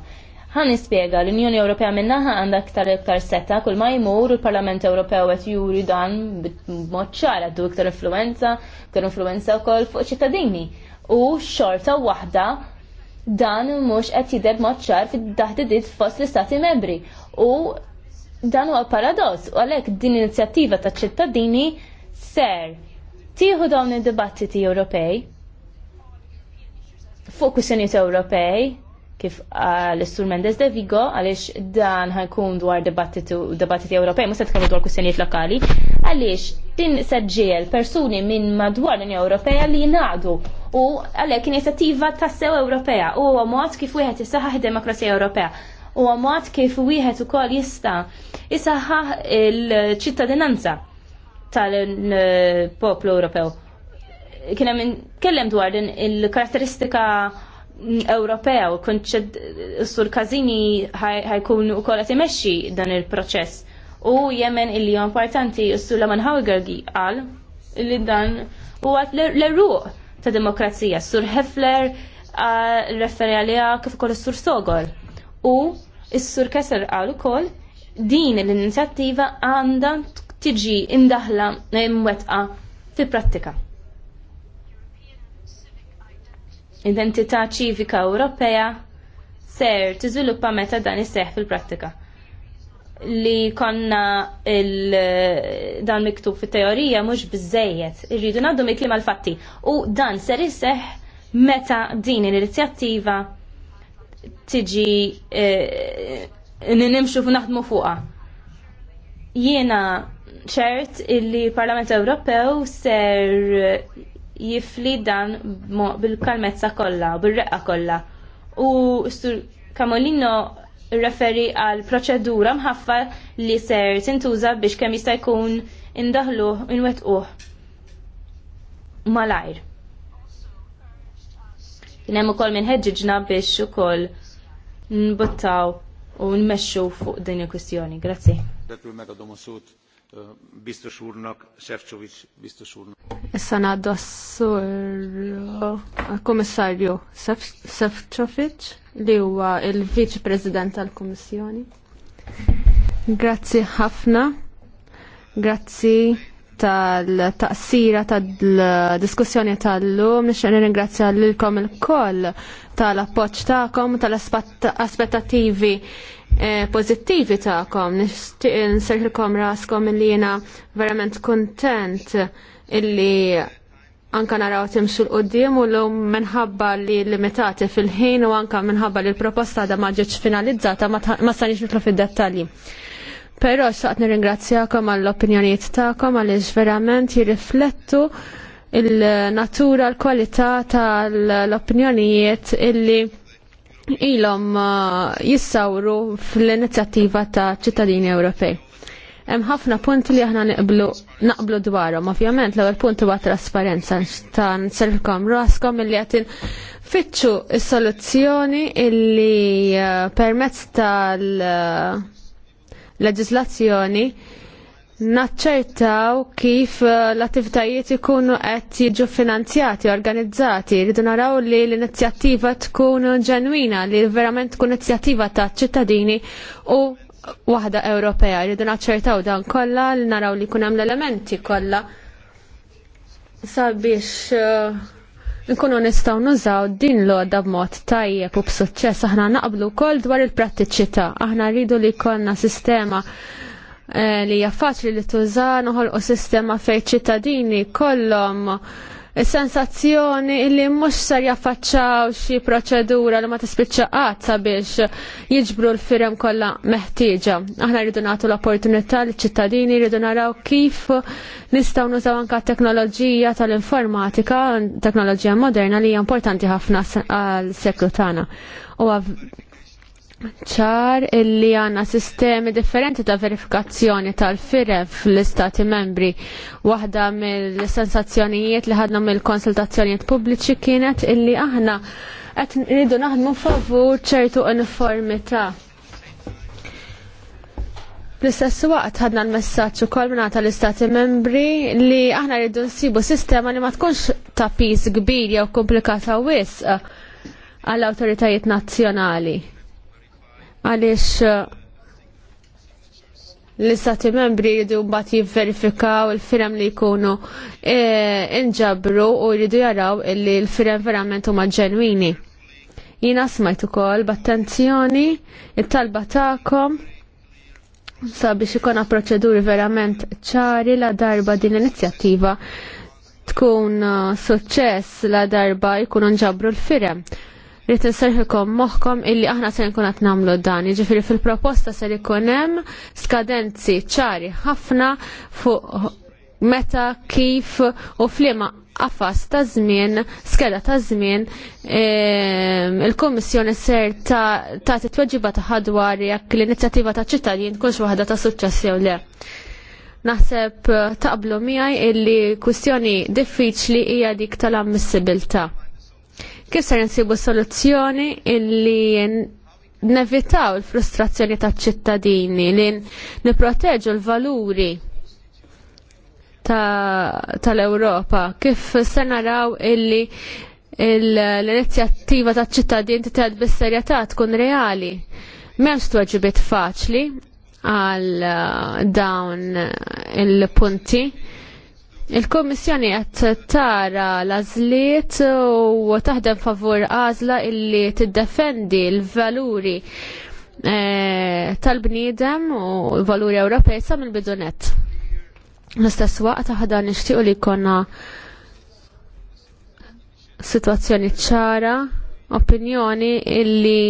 Għan nispjega l-Unjoni Ewropea minnaħa għandha aktar iktar setta kull ma jmur u parlament Ewropew qed juri dan b'mod ċar għaddu iktar influenza, iktar influenza wkoll fuq ċittadini. U xorta waħda dan mhux qed jidher b'mod ċar fid-daħdidiet fost l-Istati membri. U dan huwa paradoss u għalhekk din inizjattiva ta' ċittadini ser tieħu dawn id-dibattiti Ewropej fuq kwistjonijiet Ewropej kif ah, l-Istur Mendes de Vigo għaliex dan ħajkun dwar debattiti Ewropej, mus se dwar kwistjonijiet lokali, għaliex din seġġiel persuni minn madwar l-Unja Ewropeja li jingħaqdu u għalhekk inizjattiva tas-sew Ewropea u huwa mod kif wieħed isaħħaħ id-demokrazija Ewropeja u mod kif wieħed ukoll jista' isaħħaħ il-ċittadinanza tal-poplu Ewropew. Kien hemm kellem dwar din il-karatteristika Ewropew, konċed sur Kazini ħajkun u kolla timexxi dan il-proċess. U jemen illi importanti s-sur Laman Haugergi għal li dan u għat l-ruq ta' demokrazija. Sur Hefler referi għalija kif ukoll sur Sogol. U s-sur Kessler għal ukoll din l-inizjattiva għandha tiġi indaħla imwetqa fi prattika. identità ċivika Ewropea ser tiżviluppa meta dan isseħ fil-prattika. Li konna il dan miktub fit-teorija mhux biżejjed, irridu ngħaddu mikliem mal fatti u dan ser isseħ meta din l-inizjattiva tiġi eh, nimxu naħdmu fuqha. Jiena ċert illi l-Parlament Ewropew ser jifli dan bil-kalmezza kollha, bil-reqqa kollha. U Sur Kamolino referi għal proċedura mħaffa li ser tintuża biex kemm jista' jkun indaħluh inwetquh malajr. Kien hemm ukoll minn ħeġġiġna biex ukoll nbuttaw u nmexxu fuq din il-kwistjoni. Grazzi biztos úrnak, biztos úrnak. Issa naddu s-sur uh, komissarju li huwa l viċi President tal-Kummissjoni. Grazzi ħafna, grazzi tal-taqsira tal-diskussjoni tal-lum, nixen ringrazzja l-kom il-koll tal-appoċ ta'kom, tal-aspettativi tal Eh, pozittivi ta'kom, nishtiq raskom illi jena verament kontent illi anka naraw timxu l-qoddim u l-lum minħabba li limitati fil-ħin u anka minħabba li l-proposta da maġġeċ finalizzata ma stanix nitlu fil-dettalji. Pero xaqt nirringrazzjakom għall-opinjoniet ta'kom għalix verament jirriflettu il-natura, l-kwalità tal-opinjonijiet illi ilhom uh, jissawru fl-inizjattiva ta' ċittadini Ewropej. Hemm ħafna punti li aħna niqblu naqblu dwarhom. Ovvjament l-ewwel punt huwa trasparenza ta' nservkom raskom illi qed fitxu s-soluzzjoni illi uh, permezz tal-leġislazzjoni uh, naċċertaw kif eh, l-attivitajiet ikunu qed jiġu finanzjati, organizzati, rridu naraw li l-inizjattiva tkun ġenwina, li verament tkun inizjattiva ta' ċittadini u waħda Ewropea. Rridu naċċertaw dan kollha li naraw li jkun hemm l-elementi kollha sabiex eh, nkunu nistgħu nużaw din l-għodda b'mod tajjeb u b'suċċess aħna naqblu wkoll dwar il-prattiċità. Aħna rridu li jkollna sistema Eh, li hija faċli li tuża noħolqu sistema fejn ċittadini kollhom sensazzjoni li mhux sar jaffaċċaw xi proċedura li ma tispiċċa qatt sabiex jiġbru l-firem kollha meħtieġa. Aħna rridu nagħtu l-opportunità liċ ċittadini rridu naraw kif nistgħu nużaw anke teknoloġija tal-informatika, teknoloġija moderna li hija importanti ħafna għal seklu tagħna ċar illi għanna sistemi differenti ta' verifikazzjoni tal fire fl-istati membri. Waħda mill-sensazzjonijiet li ħadna mill-konsultazzjonijiet pubbliċi kienet illi aħna qed nridu naħdmu favur ċertu uniformità. L-istess waqt ħadna l-messaġġ ukoll minna l-istati membri li aħna rridu nsibu sistema li ma tkunx ta' pis kbir jew komplikata wisq għall-awtoritajiet nazzjonali għaliex uh, l-istati membri jridu mbagħad jivverifikaw il-firem li jkunu eh, inġabru u jridu jaraw li l-firem verament huma ġenwini. Jina smajt ukoll b'attenzjoni it-talba tagħkom sabiex ikona proċeduri verament ċari la darba din l-inizjattiva tkun uh, suċċess la darba jkunu nġabru l-firem li tinserħilkom moħħkom illi aħna se nkun qed nagħmlu dan. Jiġifieri fil-proposta se jkun hemm skadenzi ċari ħafna fuq meta kif u fliema għafas ta' żmien, skeda ta' żmien, ehm, il-Kummissjoni ser ta' tagħti tweġiba ta' ħadwar jekk l-inizjattiva ta' ċittadin kunx waħda ta' suċċess jew le. Naħseb taqblu miegħi illi kwistjoni diffiċli hija dik tal-ammissibilta' Kif ser nsibu soluzzjoni illi nevitaw il-frustrazzjoni ta' ċittadini li niproteġu l-valuri tal-Europa ta kif se naraw illi l-inizjattiva ta' ċittadin titgħid bis-serjetà tkun reali. M'hemmx tweġibiet faċli għal uh, dawn uh, il-punti il kommissjoni qed tara l-għażliet u taħdem favur għażla illi tiddefendi l-valuri eh, tal-bniedem u l-valuri Ewropej sa mill-bidunet. L-istess waqt aħda nixtiequ li jkollna sitwazzjoni ċara, opinjoni illi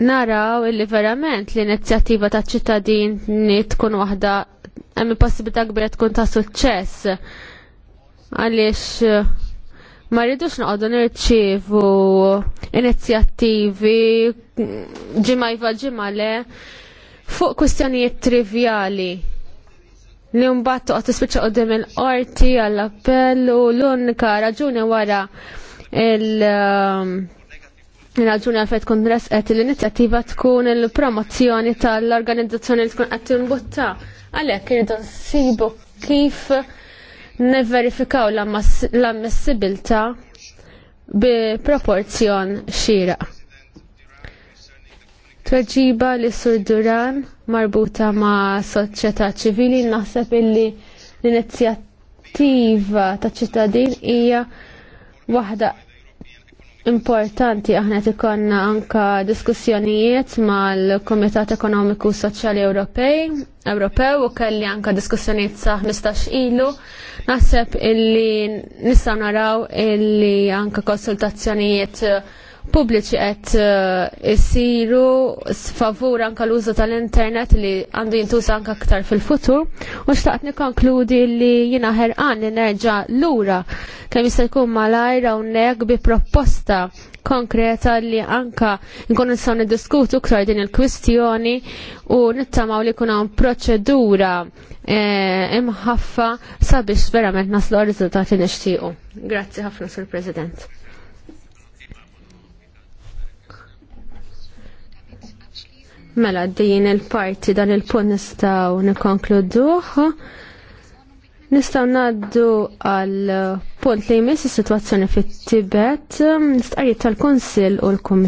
naraw illi verament l-inizjattiva ta' ċittadin tkun waħda hemm possibilità kbira tkun ta' suċċess għaliex eh, ma rridux noqogħdu nirċievu inizjattivi ġimgħa iva ġimgħa le fuq kwistjonijiet trivjali li mbagħad toqgħod tispiċċa qudiem il-qorti għall-appell u l-unika raġuni wara il- eh, raġuni għalfejn tkun resqet l-inizjattiva tkun il-promozzjoni tal-organizzazzjoni li tkun qed tinbutta. Għalhekk irridu nsibu kif neverifikaw l-ammissibilità bi proporzjon xieraq. Tweġiba li Sur Duran marbuta ma' soċjetà ċivili naħseb illi l-inizjattiva ta' ċittadin hija waħda importanti aħna tikonna anka diskussjonijiet mal-Komitat Ekonomiku Soċjali Ewropej, Ewropew u kelli anka diskussjonijiet sa' 15 ilu. Naħseb illi nistgħu naraw illi anka konsultazzjonijiet pubbliċi qed eh, isiru sfavur anka l-użu tal-internet li għandu jintuża anka aktar fil-futur u xtaqt nikkonkludi li jiena ħerqan li nerġa' lura kemm jista' jkun malajr hawnhekk bi proposta konkreta li anka nkun nistgħu niddiskutu aktar din il-kwistjoni u nittamaw li jkun hawn proċedura eh, imħaffa sabiex verament naslu riżultati nixtiequ. Grazzi ħafna sur President. Mela din il-parti dan il-punt nistaw nikonkluduh. Nistaw naddu għal punt li jmiss is-sitwazzjoni fit-Tibet, nistqarriet tal-Kunsill u l-Kumitat.